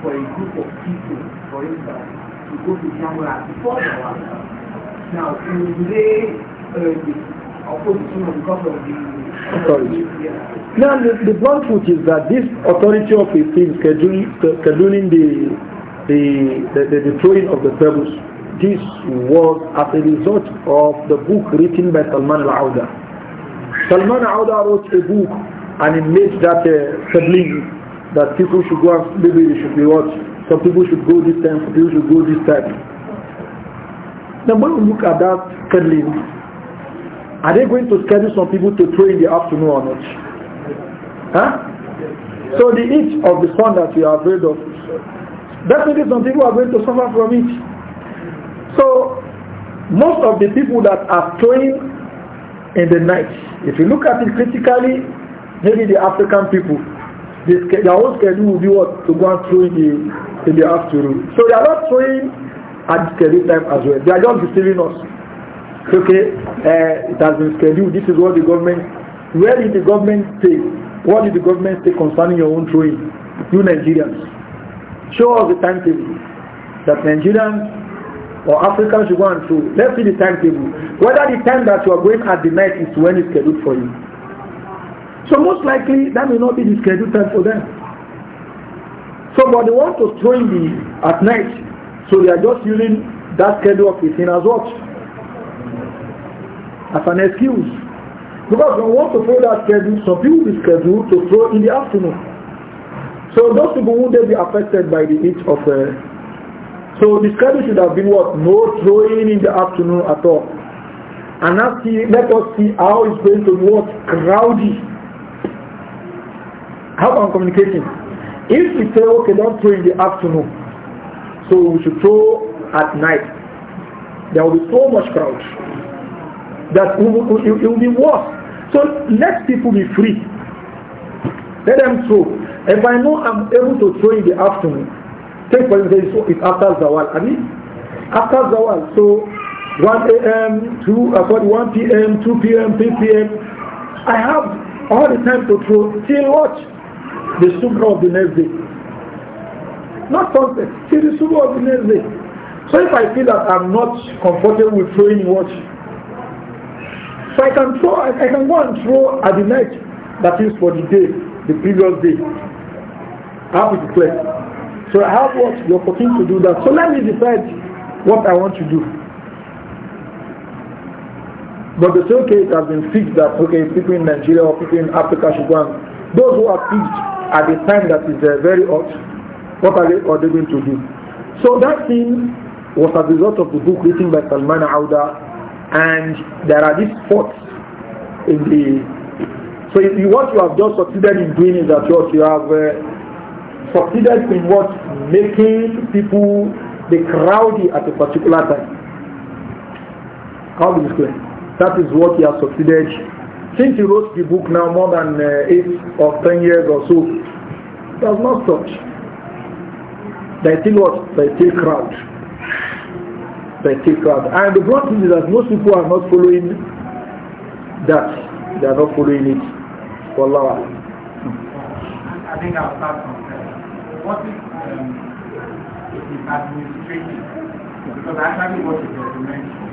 for a group of people, for instance, to go to Jamra before the Now, will they uh, be opposition because of the authority? Yeah. Now, the, the blunt is that this authority of a thing scheduling, scheduling the, the, the, the, the throwing of the pebbles this was as a result of the book written by Salman al-Auda. Salman al-Auda wrote a book and it made that uh, that people should go and maybe they should be watched. Some people should go this time, some people should go this time. Now when we look at that scheduling, are they going to schedule some people to pray in the afternoon or not? Huh? So the heat of the sun that we are afraid of, definitely some people are going to suffer from it. So most of the people that are throwing in the night, if you look at it critically, maybe the African people, they, their whole schedule will be what to go and throw in the, in the afternoon. So they are not throwing at the schedule time as well. They are just deceiving us. Okay, uh, it has been scheduled. This is what the government, where did the government say? What did the government say concerning your own throwing? You Nigerians. Show us the timetable that Nigerians or Africans should go and show. Let's see the timetable. Whether the time that you are going at the night is when it's scheduled for you. So most likely that may not be the scheduled time for them. So but they want to throw in the at night. So they are just using that schedule of eating as what? As an excuse. Because when we want to throw that schedule, some people will be scheduled to throw in the afternoon. So those people won't they be affected by the heat of uh, So this schedule should have been what? No throwing in the afternoon at all. And now see, let us see how it's going to work Crowdy. How about communication? If we say, okay, don't throw in the afternoon, so we should throw at night, there will be so much crowd that it will, it will be worse. So let people be free. Let them throw. If I know I'm able to throw in the afternoon, Take for So it's after Zawal. I mean, after Zawal, so 1 a.m., 2, about 1 p.m., 2 p.m., 3 p.m., I have all the time to throw till watch The sugar of the next day. Not something till the sugar of the next day. So if I feel that I'm not comfortable with throwing watch, So I can throw, I can go and throw at the night, that is for the day, the previous day. I is it clear? So I have what the opportunity to do that. So let me decide what I want to do. But the okay, it has been fixed that okay, people in Nigeria or people in Africa should go and those who are fixed at the time that is uh, very hot, what are they, are they going to do? So that thing was a result of the book written by Salman Auda and there are these thoughts in the so if you, what you have just succeeded in doing is that what you have uh, succeeded in what? Making people the crowdy at a particular time. How do you explain? That is what he has succeeded. Since he wrote the book now more than uh, 8 or 10 years or so, there's has not stopped. They still what? They still crowd. They still crowd. And the problem is that most people are not following that. They are not following it. Wallah. I think I'll start what is um, it is administrative? Because actually what is documented,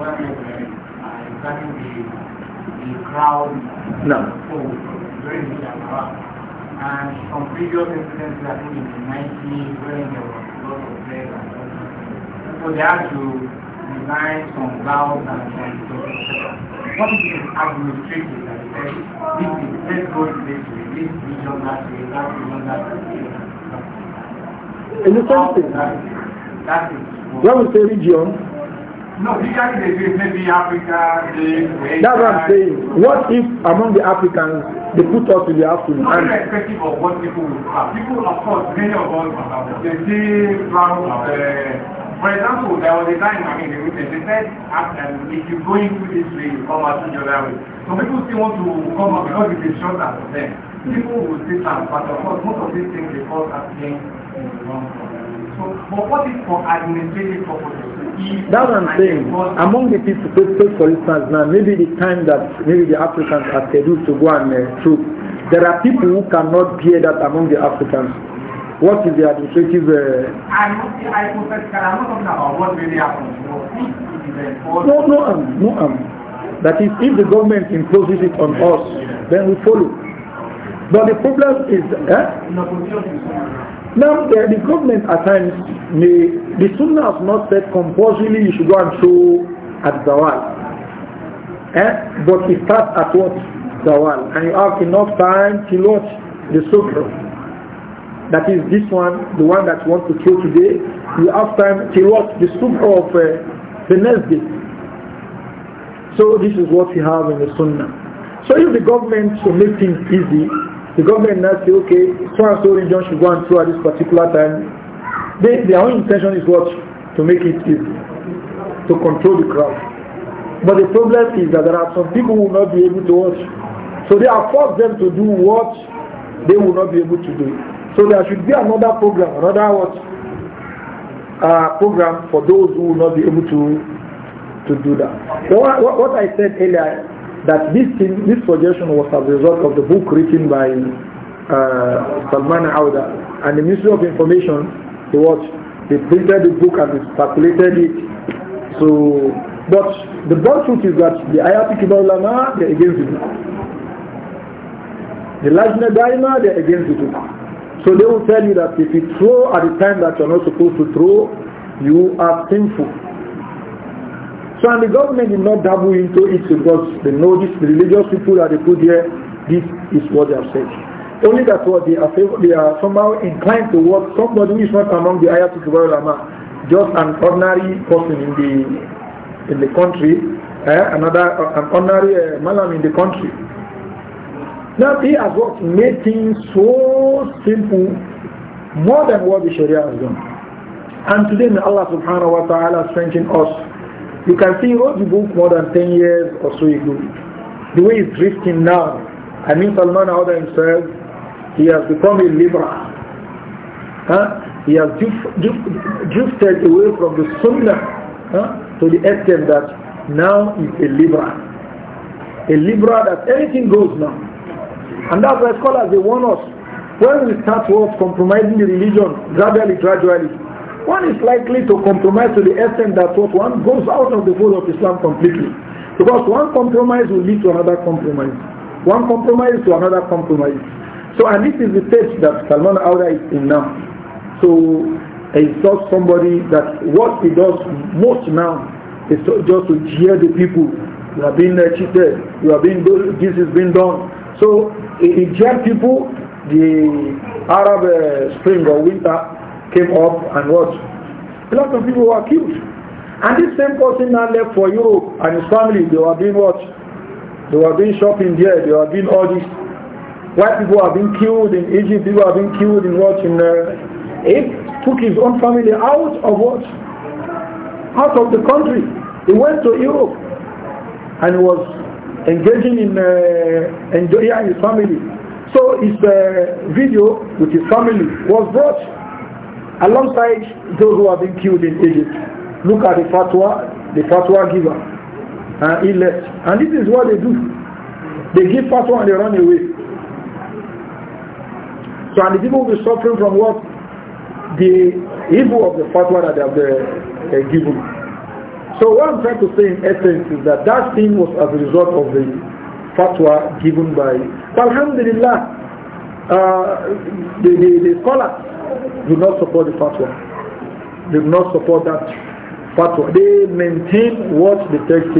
what is uh, exactly the, the crowd no. during the Shakara. And some previous incidents, that happened in the 90s, when there was a lot of death and all so they had to rely some vows and some What is it administrative that says, this is, let's go to this way, this region that way, that region that way. in the same thing. When we say region, no, usually maybe Africa, the That's what I'm saying. What if among the Africans they put us in the afternoon? Not irrespective of what people will have. People, of course, many of us, they see from, uh, for example, there was a time, I mean, they said, and ah, um, if you go into this way, you come out the other way. So people still want to come out because it's a shorter for them. people will say that, ah, but of course, most of these things they call as being wrong. So, but what is for administrative purposes? That's what I'm saying. Among the people, take for instance now, maybe the time that maybe the Africans are scheduled to go and uh, troop, there are people who cannot bear that among the Africans. What is the administrative? Uh, I'm not, I'm not talking about what really happens. No, no, um, no, um. That is, if the government imposes it on us, then we follow. But the problem is, eh? now the, the government at times may, the Sunnah has not said compulsorily you should go and show at Zawal. Eh? But it starts at what? Zawal. And you have enough time to watch the Sukra. That is this one, the one that you want to kill today. You have time to watch the Sukra of uh, the next day. So this is what we have in the Sunnah. So if the government to make things easy, The government now say, okay, so and so region should go and through at this particular time. They, their own intention is what? To make it easy, to control the crowd. But the problem is that there are some people who will not be able to watch. So they are forced them to do what they will not be able to do. So there should be another program, another what? Uh, program for those who will not be able to to do that. So what, what I said earlier that this thing, this suggestion was as a result of the book written by uh, Salman Auda and the Ministry of Information. They watch, they printed the book and they circulated it. So, but the broad truth is that the Ayati Kibar Lama, they're against it. The Lajna Daima, they're against it. So they will tell you that if you throw at the time that you're not supposed to throw, you are sinful. So and the government did not dabble into it because they know these religious people that they put here, this is what they have said. Only that what they are, they are somehow inclined towards somebody who is not among the Ayat Ulama, just an ordinary person in the in the country, eh? another uh, an ordinary uh, malam in the country. Now he has what made things so simple, more than what the Sharia has done. And today may Allah subhanahu wa ta'ala strengthen us you can see he wrote the book more than 10 years or so ago. The way he's drifting now, I mean Salman Auda himself, he has become a liberal. Huh? He has drifted away from the Sunnah huh? to the extent that now he's a liberal. A liberal that anything goes now. And that's why scholars, they warn us, when we start what, compromising the religion gradually, gradually, one is likely to compromise to the extent that what one goes out of the fold of Islam completely. Because one compromise will lead to another compromise. One compromise to another compromise. So and this is the test that Salman Aura is in now. So he's just somebody that what he does most now is to, just to jeer the people. You are being cheated. You are being this is being done. So he jeered people the Arab uh, spring or winter came up and what? A lot of people were killed. And this same person now left for Europe and his family, they were doing what? They were doing shopping there, they were being all this. White people have been killed in Egypt, people have been killed in what? In, uh, took his own family out of what? Out of the country. He went to Europe and was engaging in uh, enjoying his family. So his uh, video with his family was brought Alongside those who have been killed in Egypt, look at the fatwa, the fatwa giver. Uh, he left. And this is what they do. They give fatwa and they run away. So and the people will be suffering from what? The evil of the fatwa that they have uh, uh given. So what I'm trying to say in essence is that that thing was as a result of the fatwa given by Alhamdulillah, uh, the, the, the scholars do not support the fatwa. They do not support that fatwa. They maintain what the text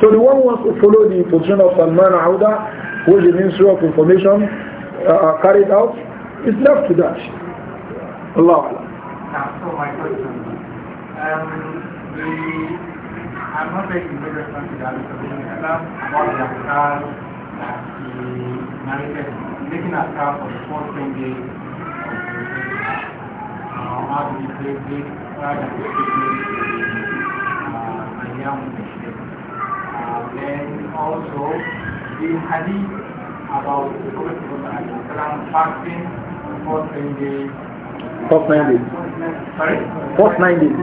So the one who wants to follow the position of Salman Auda, who is the minister of Information, uh, uh carried out, is left to that. Allah. Now, so my question, um, the, I'm not taking big responsibility for being Islam about the Akar that uh, the narrated, making Akar for the 14 days àwọn agbègbè about the Prophet fasting for 10 days. Sorry? Okay.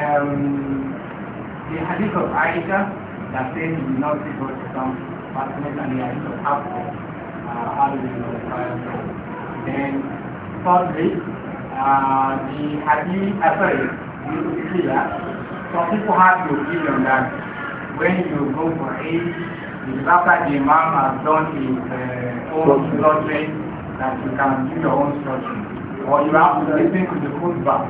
Um, the hadith of Aisha that says he did not see some fasting and he had to have uh, Then thirdly, uh, the hadith, uh, sorry, that Some people have the opinion that. When you go for Eid, after the Imam has done his uh, own slaughtering, that you can do your own slaughtering. Or you have to listen to the khutbah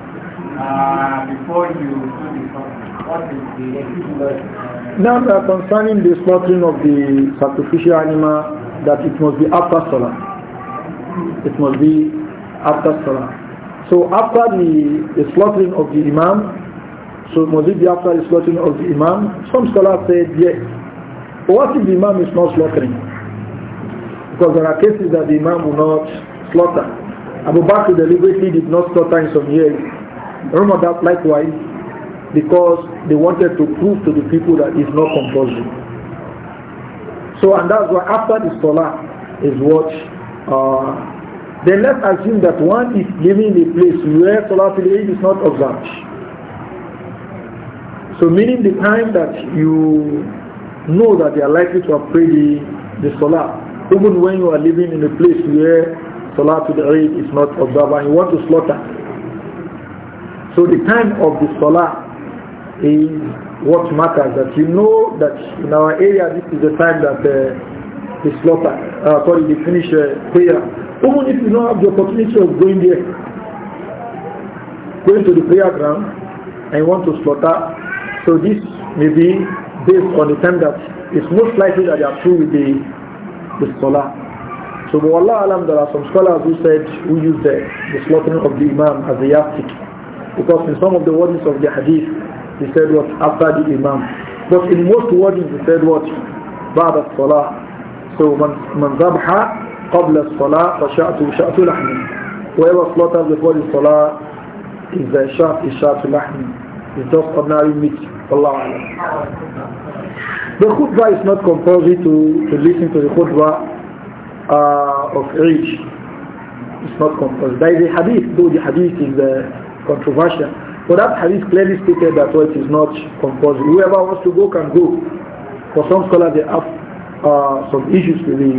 uh, before you do the slaughtering. What is the... Uh, Now, concerning the slaughtering of the sacrificial animal, that it must be after Salah. it must be after salah. So after the, the slaughtering of the imam, so must it be after the slaughtering of the imam? Some scholars said yes. But what if the imam is not slaughtering? Because there are cases that the imam will not slaughter. Abu Bakr deliberately did not slaughter in some years. Remember likewise because they wanted to prove to the people that it's not compulsory. So and that's why after the salah is what uh, then let's assume that one is living in a place where Salatul Eid is not observed. So meaning the time that you know that you are likely to have prayed the, the Salah, even when you are living in a place where Salatul Eid is not observed and you want to slaughter. So the time of the Salah is what matters, that you know that in our area this is the time that uh, the slaughter, uh, sorry, the finish uh, prayer. Even if you don't have the opportunity of going there, going to the prayer ground and want to slaughter, so this may be based on the time that it's most likely that they are true with the, the scholar. So but Allah Alam, there are some scholars who said, who use the, the slaughtering of the Imam as the yastik. Because in some of the wordings of the hadith, he said what? After the Imam. But in most wordings, he said what? Ba'da salah من من ذبح قبل الصلاة فشأت وشأت لحمي وإذا slaughters بفور الصلاة إذا شأت the لحمي إذا sharp lahm is أعلم the khutbah is not compulsory to, to listen to the khutbah uh, of each it's not compulsory there is a hadith though the hadith is uh, controversial but that hadith clearly stated that well, it is not compulsory whoever wants to go can go for some scholars they have uh, some issues with the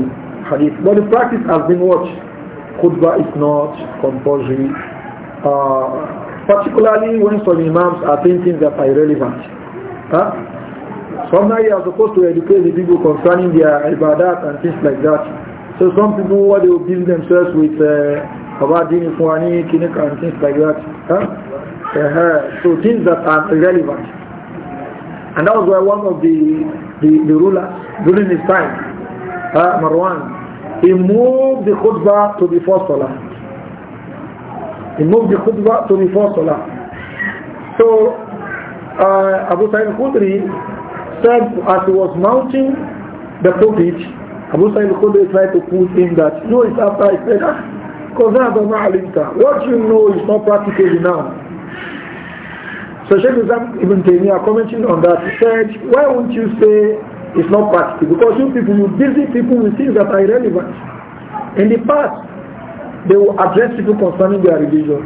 hadith. But the practice has been what? Khutbah is not compulsory. Uh, particularly when some imams are thinking that are irrelevant. Huh? Somehow you are supposed to educate the people concerning their ibadat and things like that. So some people, what they will busy themselves with uh, about dini fuani, kinika and things like that. Huh? Uh -huh. So things that are irrelevant. And that was where one of the, the, the rulers during his time, uh, Marwan, he moved the khutbah to the first Salah. He moved the khutbah to the first Salah. So uh, Abu Sa'id Khudri said as he was mounting the pulpit, Abu Sa'id Khudri tried to put in that, no, it's after I said, ah, what you know is not practical now. So Sheikh Islam Ibn Taymiyyah commenting on that, he said, why won't you say it's not practical? Because you people, you busy people with things that are irrelevant. In the past, they will address people concerning their religion.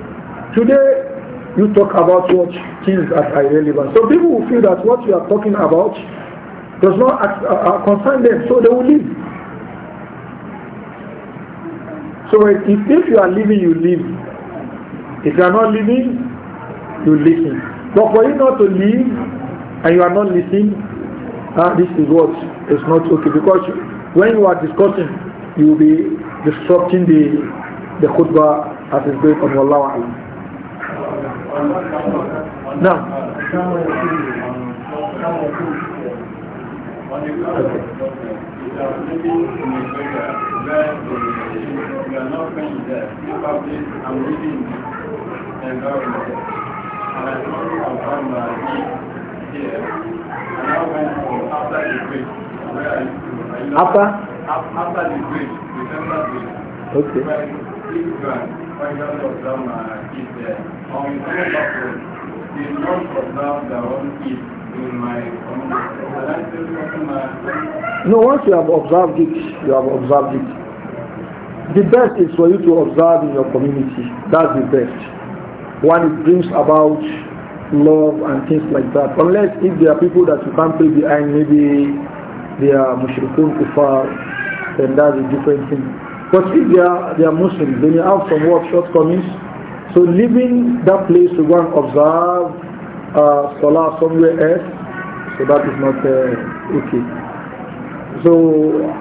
Today, you talk about what things that are irrelevant. So people will feel that what you are talking about does not uh, uh, concern them, so they will leave. So if, if you are leaving, you leave. If you are not leaving, you listen. But for you not to leave and you are not listening, ah, this is what is not okay. Because when you are discussing, you will be disrupting the, the khutbah as it's going on. Wallahu alam. Now, okay. I after know, after? the bridge, December bridge. Okay. Where I find out of them uh, kids there. On their own kids. No, once you have observed it, you have observed it. The best is for you to observe in your community. That's the best one brings about love and things like that. Unless if there are people that you can't play behind, maybe they are mushrikun kufar, then that's a different thing. But if they are, they are Muslims, then you have some work shortcomings. So leaving that place to go and observe uh, Salah somewhere else, so that is not uh, okay. So,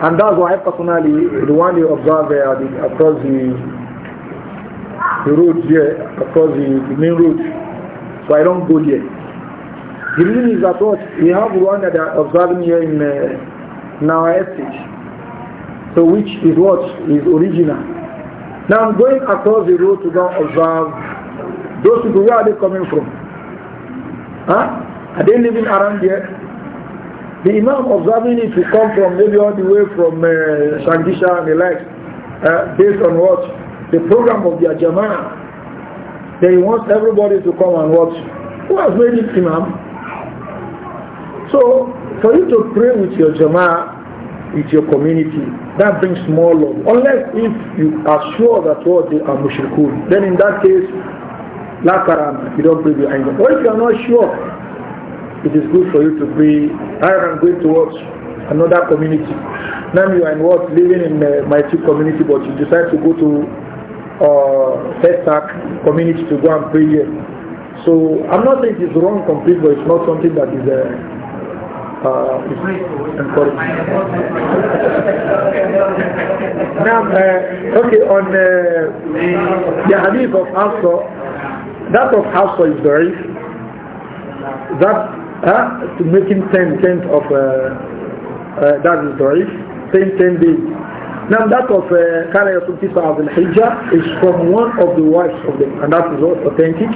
and that's why personally, the one you observe there uh, across the the road here across the, the main road. So I don't go there. The reason is that what we have one that are observing here in, uh, in our estate. So which is what is original. Now I'm going across the road to go observe those people. Where are they coming from? Huh? Are they living around here? The Imam observing it to come from maybe all the way from uh, Shangisha and the like, uh, based on what? the program of their jama'ah. They want everybody to come and watch. Who has made it imam? So, for you to pray with your jama'ah, with your community, that brings more love. Unless if you are sure that what they are mushrikun, then in that case, la karama, you don't pray behind them. Or if you are not sure, it is good for you to pray, I am going to watch another community. Now you are in what living in uh, my two community, but you decide to go to or Pesach uh, community to go and pray here. So I'm not saying it's wrong complete, but it's not something that is uh, uh, now, uh, okay, on uh, the hadith of Hafsa, that of Hafsa is very that uh, to making ten tenth of uh, uh, that is very same ten days. Now that of Kara uh, Yasum Tisa Abul Hijjah is from one of the wives of them, and that is also authentic.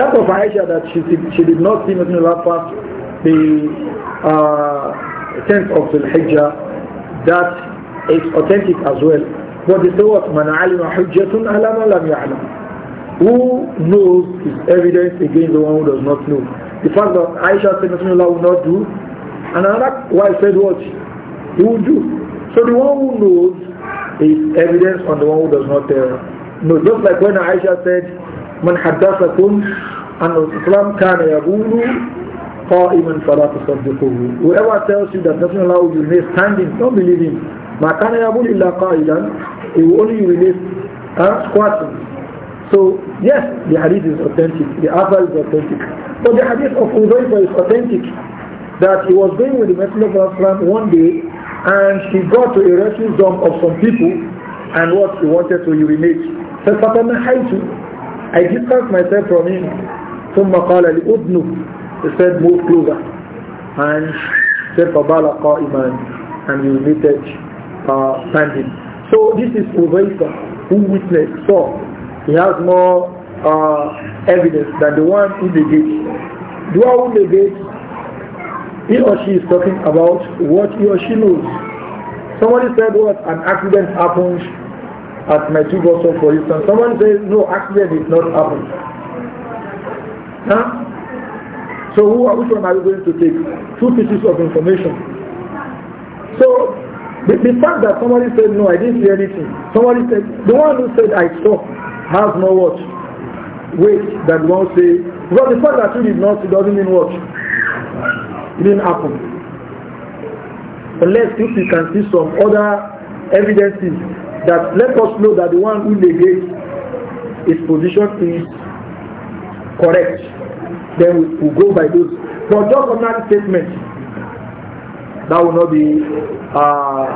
That of Aisha that she, she did not see Ibn Allah past the uh, 10th of Dhul Hijjah, that is authentic as well. But the thought, Man alima hujjatun alama lam ya'lam. Who knows is evidence against the one who does not know. The fact that Aisha said Ibn Allah will not do, and another wife said what? He will do. So the one who knows is evidence on the one who does not know. Just like when Aisha said, "Man حدثكم أن الإسلام kana يقول قائما فلا تصدقوه. Whoever tells you that nothing allowed you to stand in, don't believe him. Ma kana يقول إلا قائلا, he will only release uh, squatting. So yes, the hadith is authentic, the hadith is authentic. But the hadith of Uzaifa is authentic, that he was going with the Messenger of Islam one day and he got to a refuge dump of some people and what he wanted to urinate. فَفَتَنَحَيْتُ I distanced myself from him. ثم قال لأذنه He said, move closer. And said, فَبَالَ قَائِمًا And urinated uh, standing. So this is Uzaifa who witnessed, So He has more uh, evidence than the one in the gate. Do I in the gate he or she is talking about what he or she knows. Somebody said what an accident happened at my two also for instance. Someone says no accident did not happen. Huh? So who, which one are you going to take? Two pieces of information. So the, the fact that somebody said no, I didn't see anything. Somebody said the one who said I saw has no watch. Wait that one say well the fact that you did not see doesn't mean what? It didn't happen. Unless if we can see some other evidences that let us know that the one who negates his position is correct, then we will go by those. But just on that statement, that will not be uh,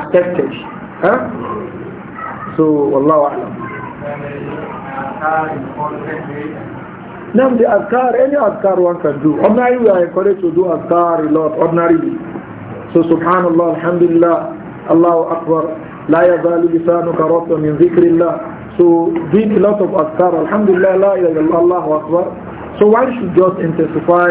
accepted. Huh? So, Allah Now the azkar, any azkar one can do. Ordinarily we are encouraged to do azkar a lot, ordinarily. So subhanallah, alhamdulillah, Allahu Akbar, la yazalu lisanuka rabba min dhikrillah. So did a lot of azkar, alhamdulillah, la ilaha illallah, Allahu Akbar. So why should just intensify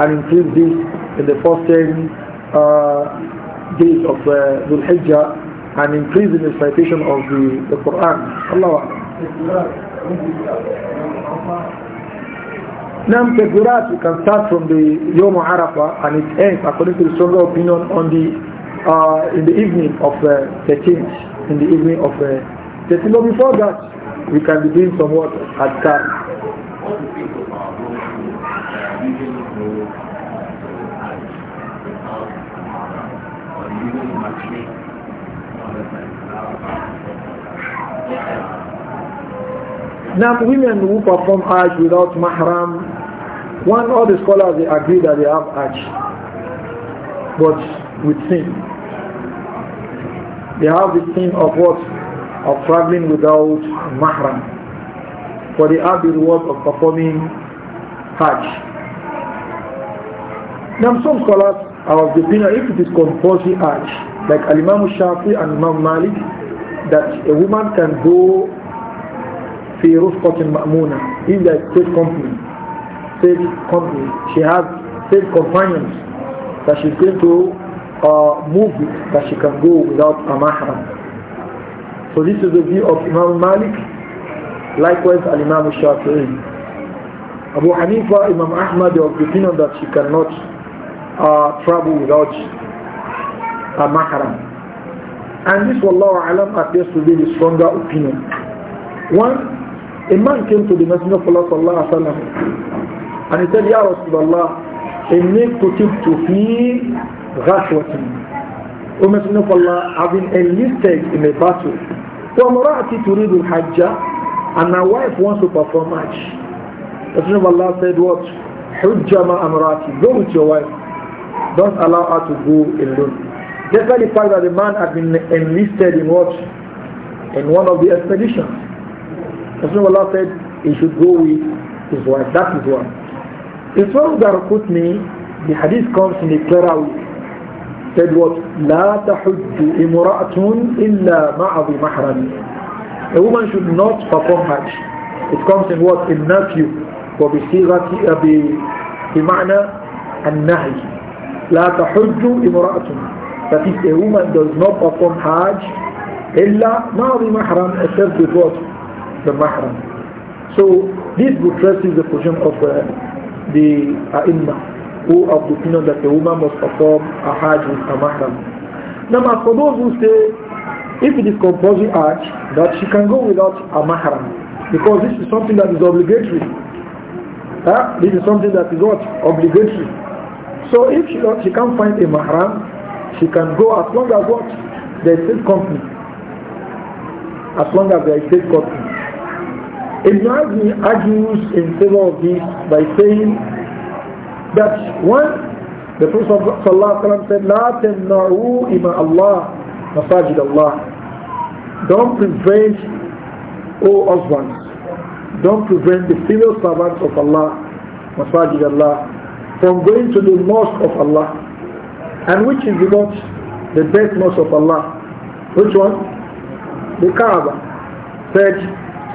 and increase this in the first 10 uh, days of uh, Dhul Hijjah and increase in the recitation of the, the Quran. Allah now, Tegurat, you can start from the Yom Arafah and it ends, according to the stronger opinion, on the uh, in the evening of uh, 13th, in the evening of uh, 13th. But before that, we can be doing some work at car. Now, women who perform Hajj without mahram one, all the scholars they agree that they have Hajj, but with sin. They have the sin of what? Of traveling without mahram. For they have the reward of performing Hajj. Now some scholars are of the opinion if it is compulsory Hajj, like Al-Imam Shafi and Imam Malik, that a woman can go في رفقة مأمونة إذا state company safe company, she has said companions that she's going to uh, move that she can go without a mahram. So this is the view of Imam Malik, likewise Al Imam Shafi'i. Abu Hanifa, Imam Ahmad of the opinion that she cannot uh, travel without a mahram. And this, Wallahu Alam, appears to be the stronger opinion. One, a man came to the Messenger of Allah Sallallahu and he said, Ya Rasulullah, inni kutibtu fi ghashwatin. O Messenger of Allah, I've been enlisted in a battle. Wa mara'ati turidu hajja, and my wife wants to perform hajj. Messenger of Allah said, what? Hujja ma amrati, go with your wife. Don't allow her to go alone. Despite the fact that the man had been enlisted in what? In one of the expeditions. Messenger of Allah said, he should go with his wife. That is one. Islam Darqutni, the hadith comes in the Tarawi, said what? لا تحج امرأة إلا مع ذي محرم. A woman should not perform Hajj. It comes in what? In nephew. وبصيغة بمعنى النهي. La tahuddu امرأة. That is a woman does not perform Hajj إلا مع mahram محرم except with what? The mahram. So this buttresses the position of the the ai who of the opinion that a woman must perform a Hajj with a mahram. Now, for those who say if it is compulsory Hajj, that she can go without a mahram, because this is something that is obligatory. Huh? This is something that is what? Obligatory. So if she, she can't find a mahram, she can go as long as what? There is safe company. As long as there is safe company. Ibn Azmi argues in favor of this by saying that one, the Prophet ﷺ said, لا تمنعوا إماء Allah, مساجد Allah. Don't prevent, O husbands, don't prevent the female servants of Allah, masajid Allah, from going to the mosque of Allah. And which is not the best mosque of Allah? Which one? The Kaaba. Said,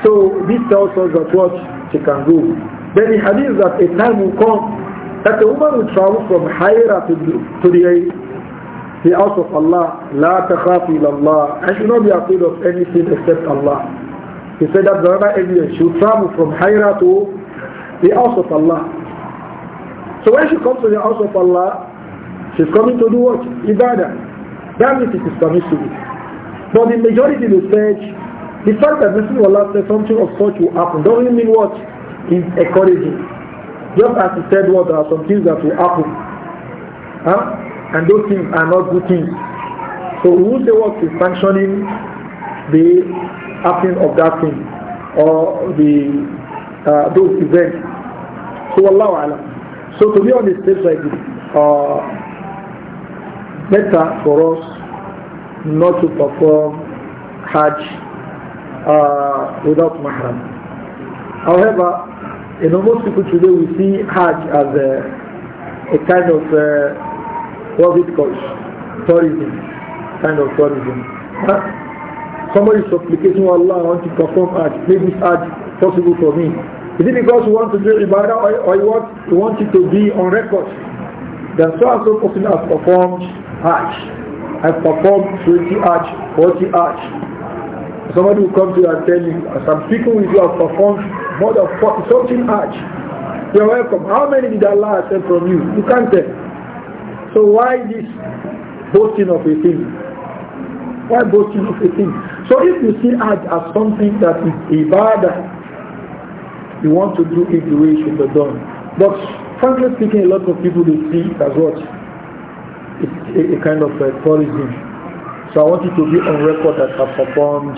so this tells us that what she can do. Then the hadith that a time will come that the woman will travel from Hira to, to the, the house of Allah. La takhafi Allah. I should not be afraid of anything except Allah. He said that the other alien she will travel from Hira to the house of Allah. So when she comes to the house of Allah, she's coming to do what? Ibadah. That means it is permissible. But the majority will say the fact that Messenger of Allah said something of such will happen doesn't mean what is encouraging. Just as he said what there are some things that will happen. Huh? And those things are not good things. So we will say what is sanctioning the happening of that thing or the uh, those events. So Allah So to be on the stage like this, uh, better for us not to perform Hajj uh, without mahram. However, you know, most people today we see Hajj as a, a kind of uh, what it called tourism, kind of tourism. Huh? Somebody is supplicating, oh Allah, I want to perform Hajj. Make this Hajj possible for me. Is it because you want to do ibadah or, or you, want, you want it to be on record? Then so and so person has performed Hajj. I've performed 20 Hajj, 40 Hajj. Somebody will come to you and tell you, some people with you have performed more than 40, something hajj. You're welcome. How many did Allah accept from you? You can't tell. So why this boasting of a thing? Why boasting of a thing? So if you see hajj as something that is ibadah, you want to do it the way it should be done. But frankly speaking, a lot of people they see it as what? It's a, a kind of a uh, tourism. So I want you to be on record that I've performed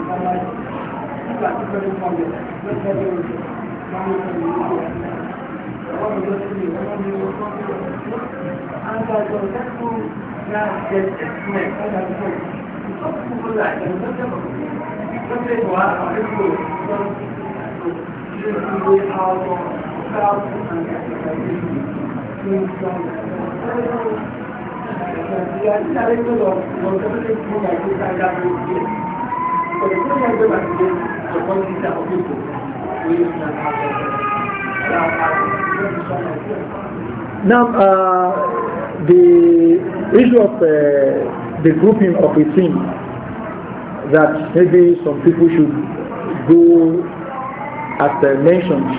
Ìgbà tí a ti sáré tó lọ, lọ sọ́dọ̀ tó kí ó gbà tó sáré lábẹ́ òkè. Now, uh, the issue of uh, the grouping of a team that maybe some people should go as uh, mentioned,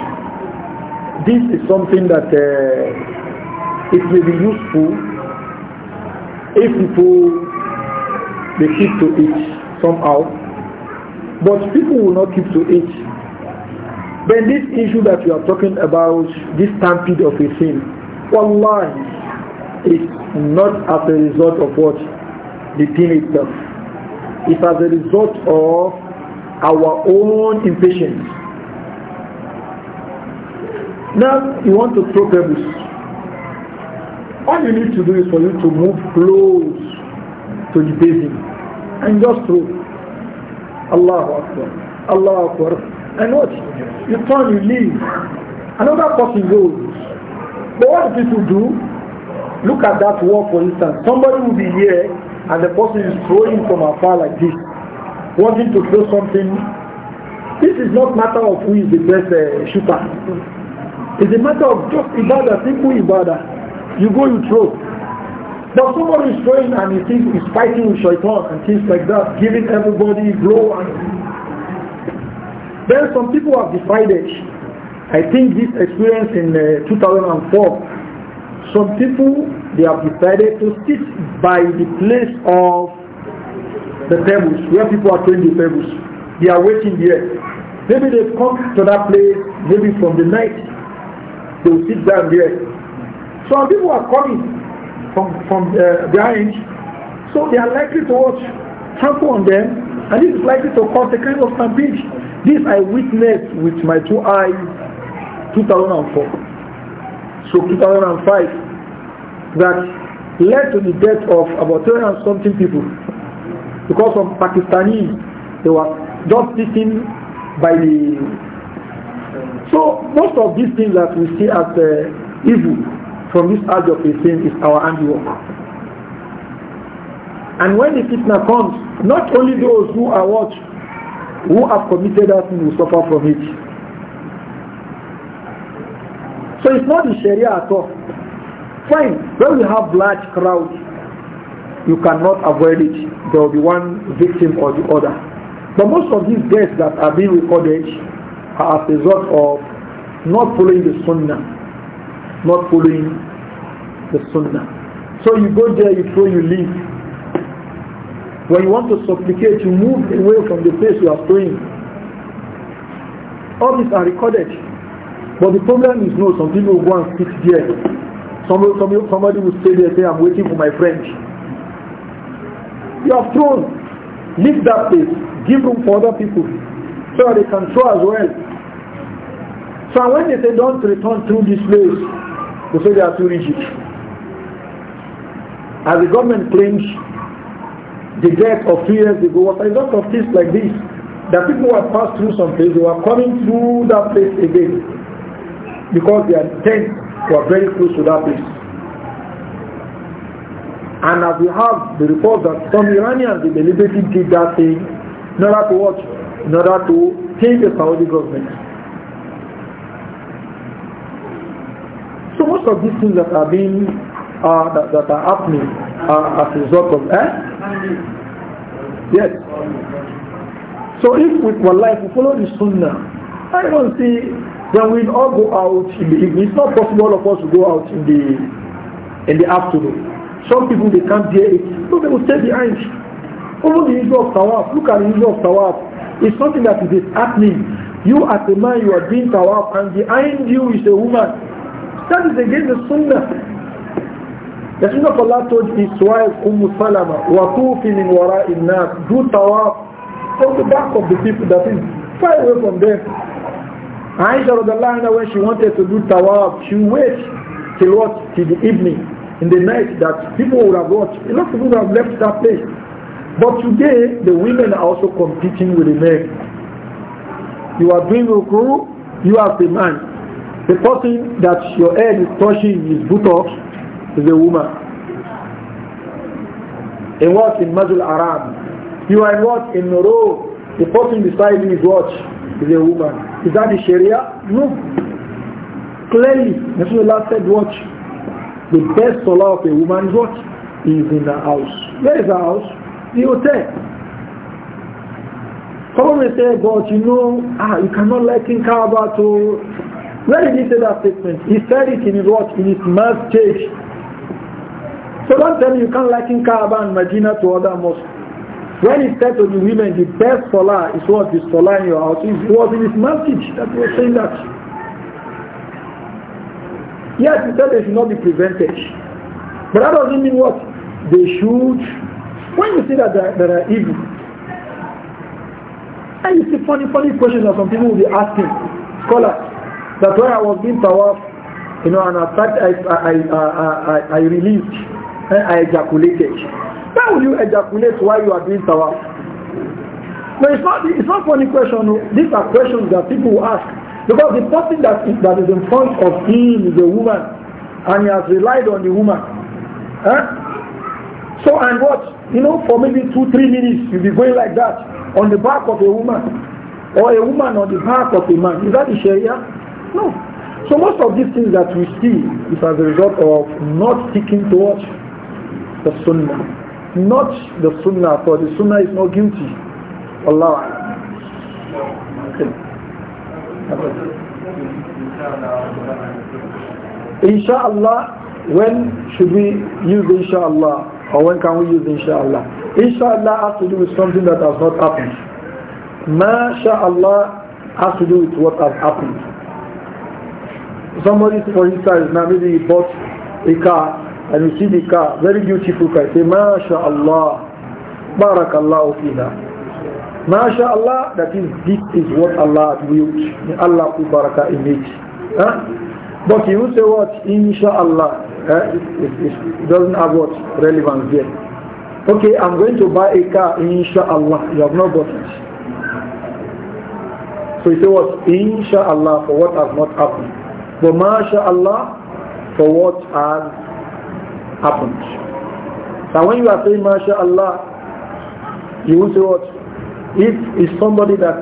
this is something that uh, it will be useful if people they keep to it somehow but people will not keep to it. Then this issue that you are talking about, this stampede of a thing, wallahi, is not as a result of what? The thing itself. It's as a result of our own impatience. Now you want to throw pebbles. All you need to do is for you to move close to the basin and just throw. Allahu Akbar, Allahu Akbar. And what? You turn, you leave. Another person goes. But what do people do? Look at that wall for instance. Somebody will be here and the person is throwing from afar like this, wanting to throw something. This is not matter of who is the best uh, shooter. It's a matter of just ibadah, simple ibadah. You go, you throw. But somebody is going and he thinks he's fighting with shaitan and things like that, giving everybody blow and then some people have decided, I think this experience in uh, 2004, some people, they have decided to sit by the place of the tables, where people are throwing the tables. They are waiting there. Maybe they've come to that place, maybe from the night, they'll sit down there. Some people are coming, from, from uh, behind. So they are likely to watch, trample on them, and this is likely to cause a kind of stampede. This I witnessed with my two eyes 2004. So 2005, that led to the death of about 200 something people. Because of Pakistani. they were just sitting by the... So most of these things that we see as uh, evil, from this age of a sin is our handiwork. And when the fitna comes, not only those who are what, who have committed that sin will suffer from it. So it's not the Sharia at all. Fine, when we have large crowds, you cannot avoid it. There will be one victim or the other. But most of these deaths that are being recorded are as a result of not following the Sunnah not following the sunnah. So you go there, you pray, you leave. When you want to supplicate, you move away from the place you are praying. All these are recorded. But the problem is no, some people go and sit there. Some, some, somebody will stay there say, I'm waiting for my friend. You have thrown. Leave that place. Give room for other people. So they can throw as well. So when they say don't return through this place, to say they are too rigid. As the government claims the death of two years ago was a result of things like this. That people were passed through some place, they were coming through that place again because their tents were very close to that place. And as we have the report that some Iranians deliberately did that thing in order to watch, in order to change the Saudi government. So most of these things that are being uh, that, that are happening uh, as a result of eh? Yes. So if we life we follow the sunnah, I don't see then we all go out in the evening. It's not possible of us to go out in the in the afternoon. Some people they can't bear it, so they will stay behind. Even the issue of tawaf, look at the issue of tawaf. It's something that is happening. You as a man, you are doing tawaf, and behind you is a woman That is against the sunnah. The sunnah of Allah told his wife Umm Salama, وَطُوفِ مِنْ وَرَاءِ النَّاسِ Do tawaf from the back of the people, that is far away from them. Aisha radiallahu anha, when she wanted to do tawaf, she waited till what? Till the evening, in the night that people would have watched. A lot of people have left that place. But today, the women are also competing with the men. You are doing girl, you are the man. The person that your head is touching his buttocks is a woman. and what? In Majul Aram. You are in what? In Noro. The person beside watch is a woman. Is that the Sharia? No. Clearly, Rasulullah said watch, The best salah of a woman is what? Is in the house. Where is the house? The hotel. Someone may say, but you know, ah, you cannot let in Kaaba to where did he that statement? He said it in his what? In his masjid. So don't tell me you can't liken Kaaba and Medina to other mosques. When he said to the women, the best salah is what is salah in your house, it was in his message that he was saying that. Yes, he said they should not be prevented. But that doesn't mean what? They should. When you say that there, there are evil, and you see funny, funny questions that some people will be asking, scholars, That when I was doing tawaf, you know, and I started, I, I, I, I, I released, and eh, I ejaculated. How will you ejaculate while you are doing tawaf? No, it's not, it's not funny question. These are questions that people will ask. Because the person that is, that is in front of him is a woman, and he has relied on the woman. Huh? Eh? So, and what? You know, for maybe two, three minutes, you'll be going like that on the back of a woman, or a woman on the back of a man. Is that the Sharia? No. So most of these things that we see is as a result of not sticking towards the sunnah. Not the sunnah, for the sunnah is not guilty. Allah. Okay. Insha'Allah, when should we use inshallah? Or when can we use inshallah? Inshallah has to do with something that has not happened. Ma has to do with what has happened somebody, for instance, now maybe he bought a car and you see the car, very beautiful car. say, MashaAllah, Barakallahu fiha. MashaAllah, that is, this is what Allah built. Allah put baraka in it. Huh? But you say what? InshaAllah. Allah." It, it, it doesn't have what relevance there. Okay, I'm going to buy a car, InshaAllah. You have not bought it. So you say what? InshaAllah for what has not happened for masha'Allah for what has happened. Now, when you are saying masha'Allah, you will say what? If it's somebody that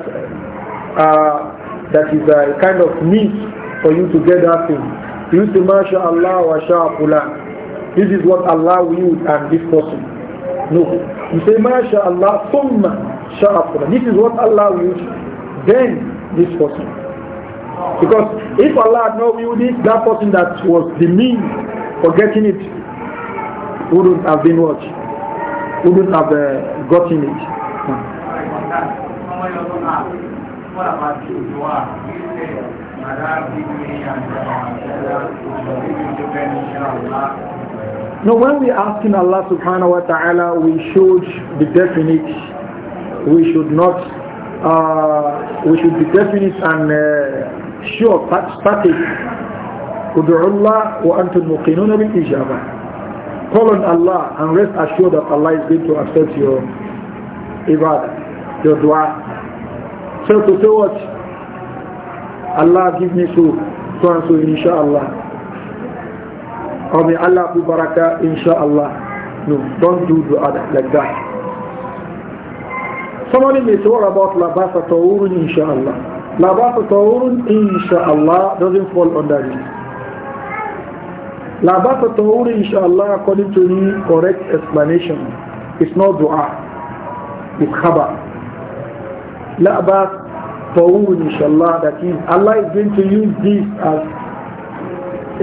uh, that is a kind of need for you to get that thing, you say masha'Allah wa sha'fulan. This is what Allah willed and this person. No. You say mashallah summa sha'fulan. This is what Allah willed. Then this person. Because if Allah had not willed it, that person that was the means for getting it wouldn't have been what? Wouldn't have uh, gotten it. No, when we ask in Allah subhanahu wa ta'ala, we should be definite. We should not, uh, we should be definite and uh, sure static ادعوا الله وأنتم موقنون بالإجابة call on Allah and rest assured that Allah is going to accept your ibadah, your dua. So to say what? Allah give me so, so and so inshallah. Or may Allah put barakah inshallah. No, don't do dua like that. Somebody may say, what about labasa tawurun inshallah? Labat Tawurun, insha'Allah, doesn't fall under it. Labat Tawurun, insha'Allah, according to the correct explanation, it's not dua, it's khabar. Labat Tawurun, insha'Allah, that is, Allah is going to use this as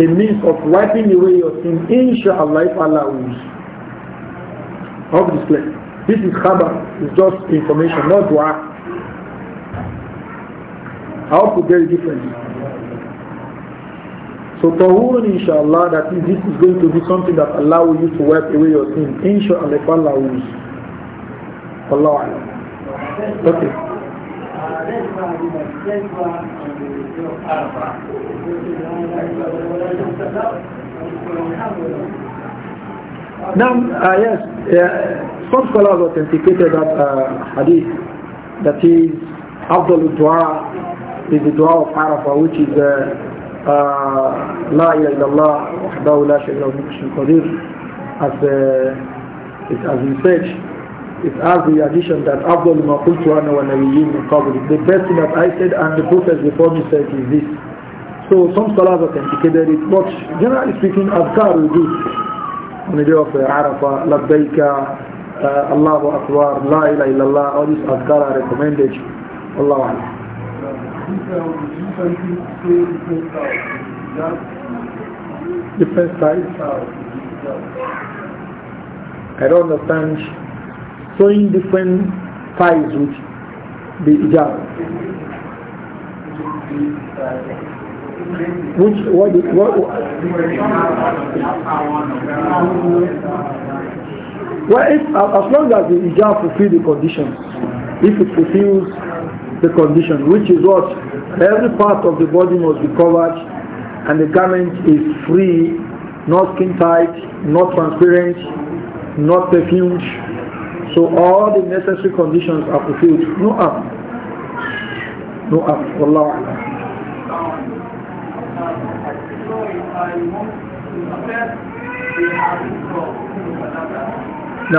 a means of wiping away your sin, inshallah, if Allah wills. Hope this This is khabar, it's just information, not dua. How could there be difference? So Tawurun inshallah that this is going to be something that allows you to wipe away your sin. Inshallah if Allah will Allah Okay. Now, uh, yes, uh, some scholars authenticated that uh, hadith that is Abdul Dua is the dua of Arafah, which is uh, uh, La ilaha illallah wahdahu la sharika lahu qadir as uh, it as we said it has the addition that Abdul ma qultu ana wa nabiyyin min qabl the best thing that I said and the prophet before me said is this so some scholars authenticated it but generally speaking azkar we do on the day of uh, Arafah labbaika uh, Allahu Akbar la ilaha illallah all these azkar are recommended Allah Different size? I don't understand. Sewing different ties with the hijab. Which what is what, what Well if as long as the hijab fulfill the conditions, if it fulfills the condition, which is what every part of the body must be covered and the garment is free, not skin tight, not transparent, not perfumed. So all the necessary conditions are fulfilled. No up, No up Wallahu ala. No.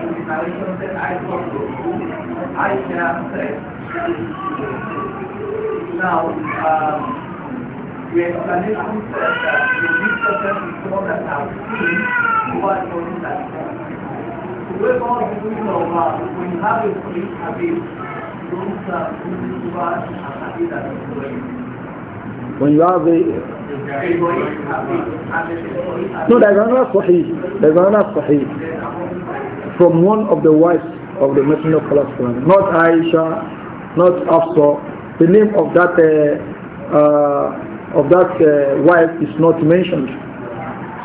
in the narration said, I saw the food, I shall say. Now, um, the explanation says that the big person is someone that has seen who has known that. So when all the women of us, have a sleep habit, don't start to do what a habit that is going when you have a no, there's another Sahih. There's another Sahih. from one of the wives of the Messenger of Allah, not Aisha, not Afsa. The name of that uh, uh, of that uh, wife is not mentioned.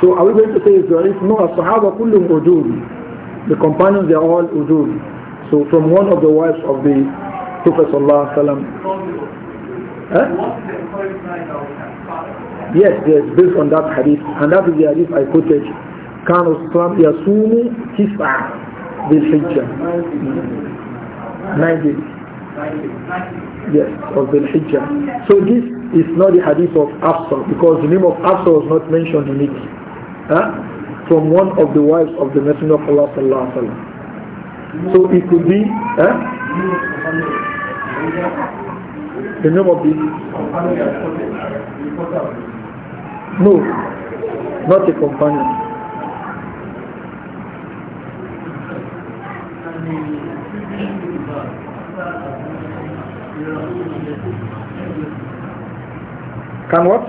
So are we going to say it's Zarif? No, Sahaba kullum udul. The companions they are all udul. So from one of the wives of the Prophet sallallahu alaihi wasallam. Yes, yes, based on that hadith, and that is the hadith I quoted. كان الصام يصوم تسعة Dhul ninety, Yes, of Dhul So this is not the hadith of Absa because the name of Absa was not mentioned in it. Huh? From one of the wives of the Messenger of Allah sallallahu alaihi wasallam. So it could be huh? the name of the No, not a companion. Can what?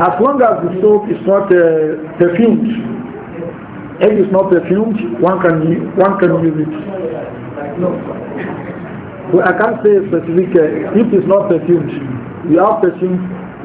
As long as the soap is not uh, perfumed, if is not perfumed, one can one can use it. Well, I can't say specific. Uh, if it's not perfumed, you have perfumed.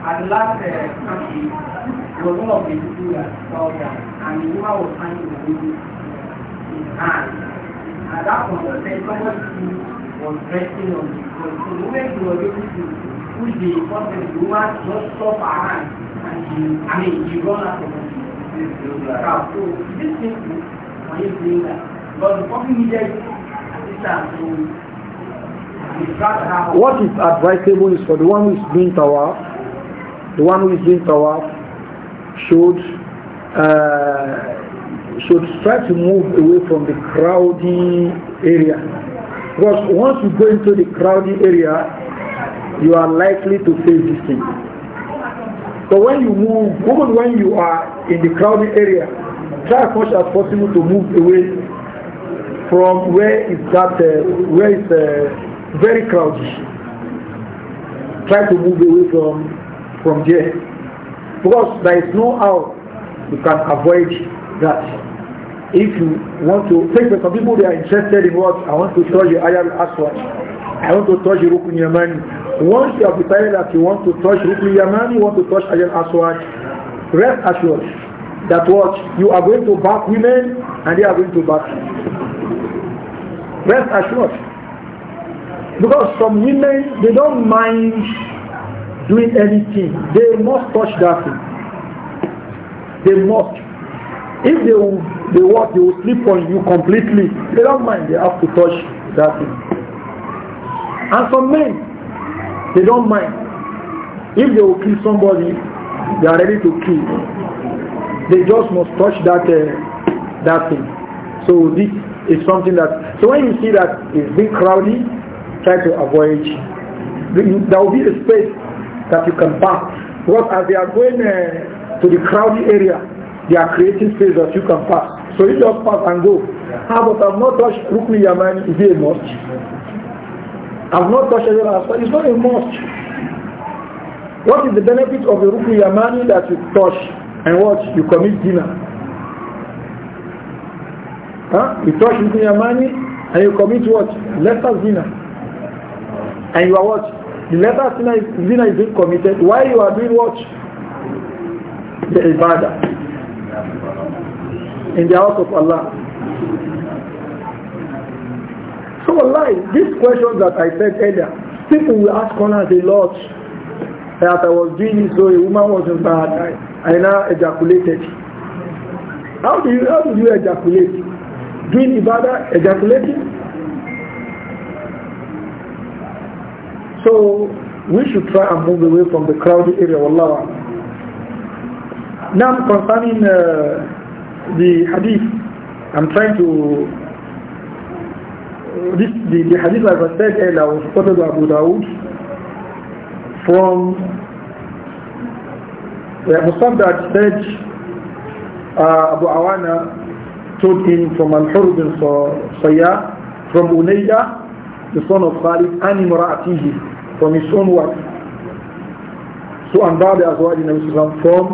and last uh, country was one of the and the woman was hanging the baby in hand. At that point, I was resting on the floor. the moment he was able to push the person, the woman just stopped her hand and I mean, she ran out of the crowd. So this thing is you doing that. But the person needed assistance to What is advisable is for the one who is doing tawaf the one who is doing tawaf should uh, should try to move away from the crowded area. Because once you go into the crowded area, you are likely to face this thing. So when you move, even when you are in the crowded area, try as much as possible to move away from where is that uh, where is uh, very crowded. Try to move away from from there. Because there is no how you can avoid that. If you want to, take some people they are interested in what I want to touch the Ayal Aswad, I want to touch the Rukun Yamani. Once you have decided that you want to touch Rukun Yamani, you want to touch Ayal Aswad, rest assured that what you are going to back women and they are going to back Rest assured. Because some women, they don't mind doing anything, they must touch that thing. They must. If they will, they walk, they will sleep on you completely. They don't mind. They have to touch that thing. And for men, they don't mind. If they will kill somebody, they are ready to kill. They just must touch that uh, that thing. So this is something that. So when you see that it's being crowded, try to avoid. There will be a space that you can park. Because as they are going uh, to the crowded area, they are creating space that you can pass. So you just pass and go. Ah, but I've not touched Rukni Yaman, is it a must? I've not touched Ajal but it's not a must. What is the benefit of the Rukni Yamani that you touch and watch? You commit dinner. Huh? You touch Rukni Yamani and you commit what? Lesser dinner. And you are what? the lesser sinner is, sinner is being committed while you are doing what? The ibadah. In the house of Allah. So Allah, these questions that I said earlier, people will ask corners a lot that I was doing this so a woman was in bad, I, I now ejaculated. How do you how do you ejaculate? Doing ibadah, ejaculating? So we should try and move away from the crowded area. Allah. Now concerning uh, the hadith, I'm trying to this the, the hadith as I said earlier was quoted by Abu Dawud from the uh, Musaddad said uh, Abu Awana told him from Al-Hur bin Sayyah from Unayya the son of Khalid, and Imra'atihi, from his own wife. So and Ba'd Azwaj from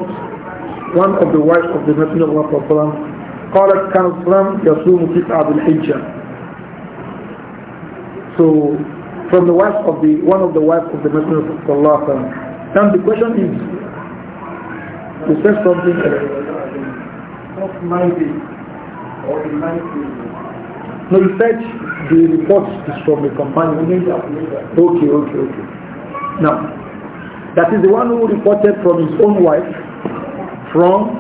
one of the wives of the Messenger of Allah قالت كان الإسلام يصوم تسعة الحجة So from the wife of the one of the wives of the Messenger of Allah And the question is you said something else. ninety or ninety. No, you said the report is from the companion. Okay, okay, okay. Now, that is the one who reported from his own wife, from,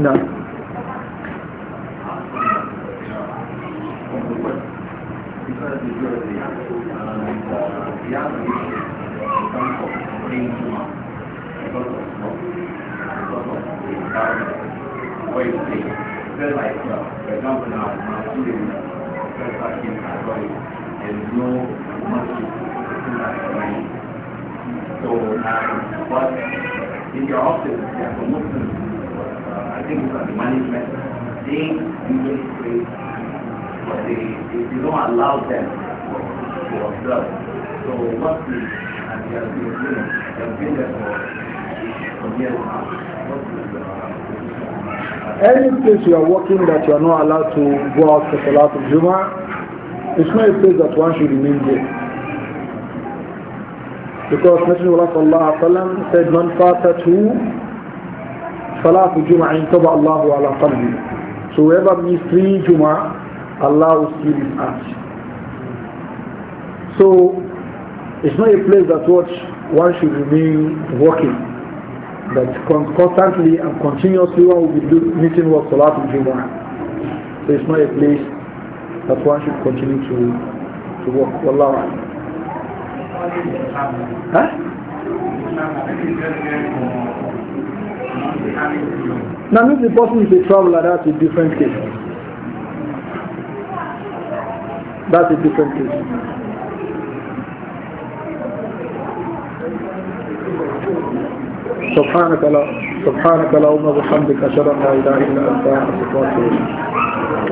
now, Thank uh, you. girls like, uh, for example, now my students, girls are in there is no masjid in that So, but in your office, there are Muslims, uh, I think it's the management, they usually pray, but they, they, they don't allow them to observe. So what we, have been doing, they have been there for, years now, what any place you are working that you are not allowed to go out for Salat of Juma, it's not a place that one should remain there. Because Messenger of Allah sallam, said, Man fatatu Salat al-Jum'ah in taba Allahu ala qalbi. So whoever missed three Jum'ah, Allah will steal his ash. So it's not a place that one should remain working that constantly and continuously one will be meeting with Salat al-Jumu'ah. So it's not a place that one should continue to, to work. Wallah. Huh? Now if the person is a traveler, that's a different case. That's a different case. سبحانك لا سبحانك اللهم وبحمدك اشهد ان لا اله الا انت استغفرك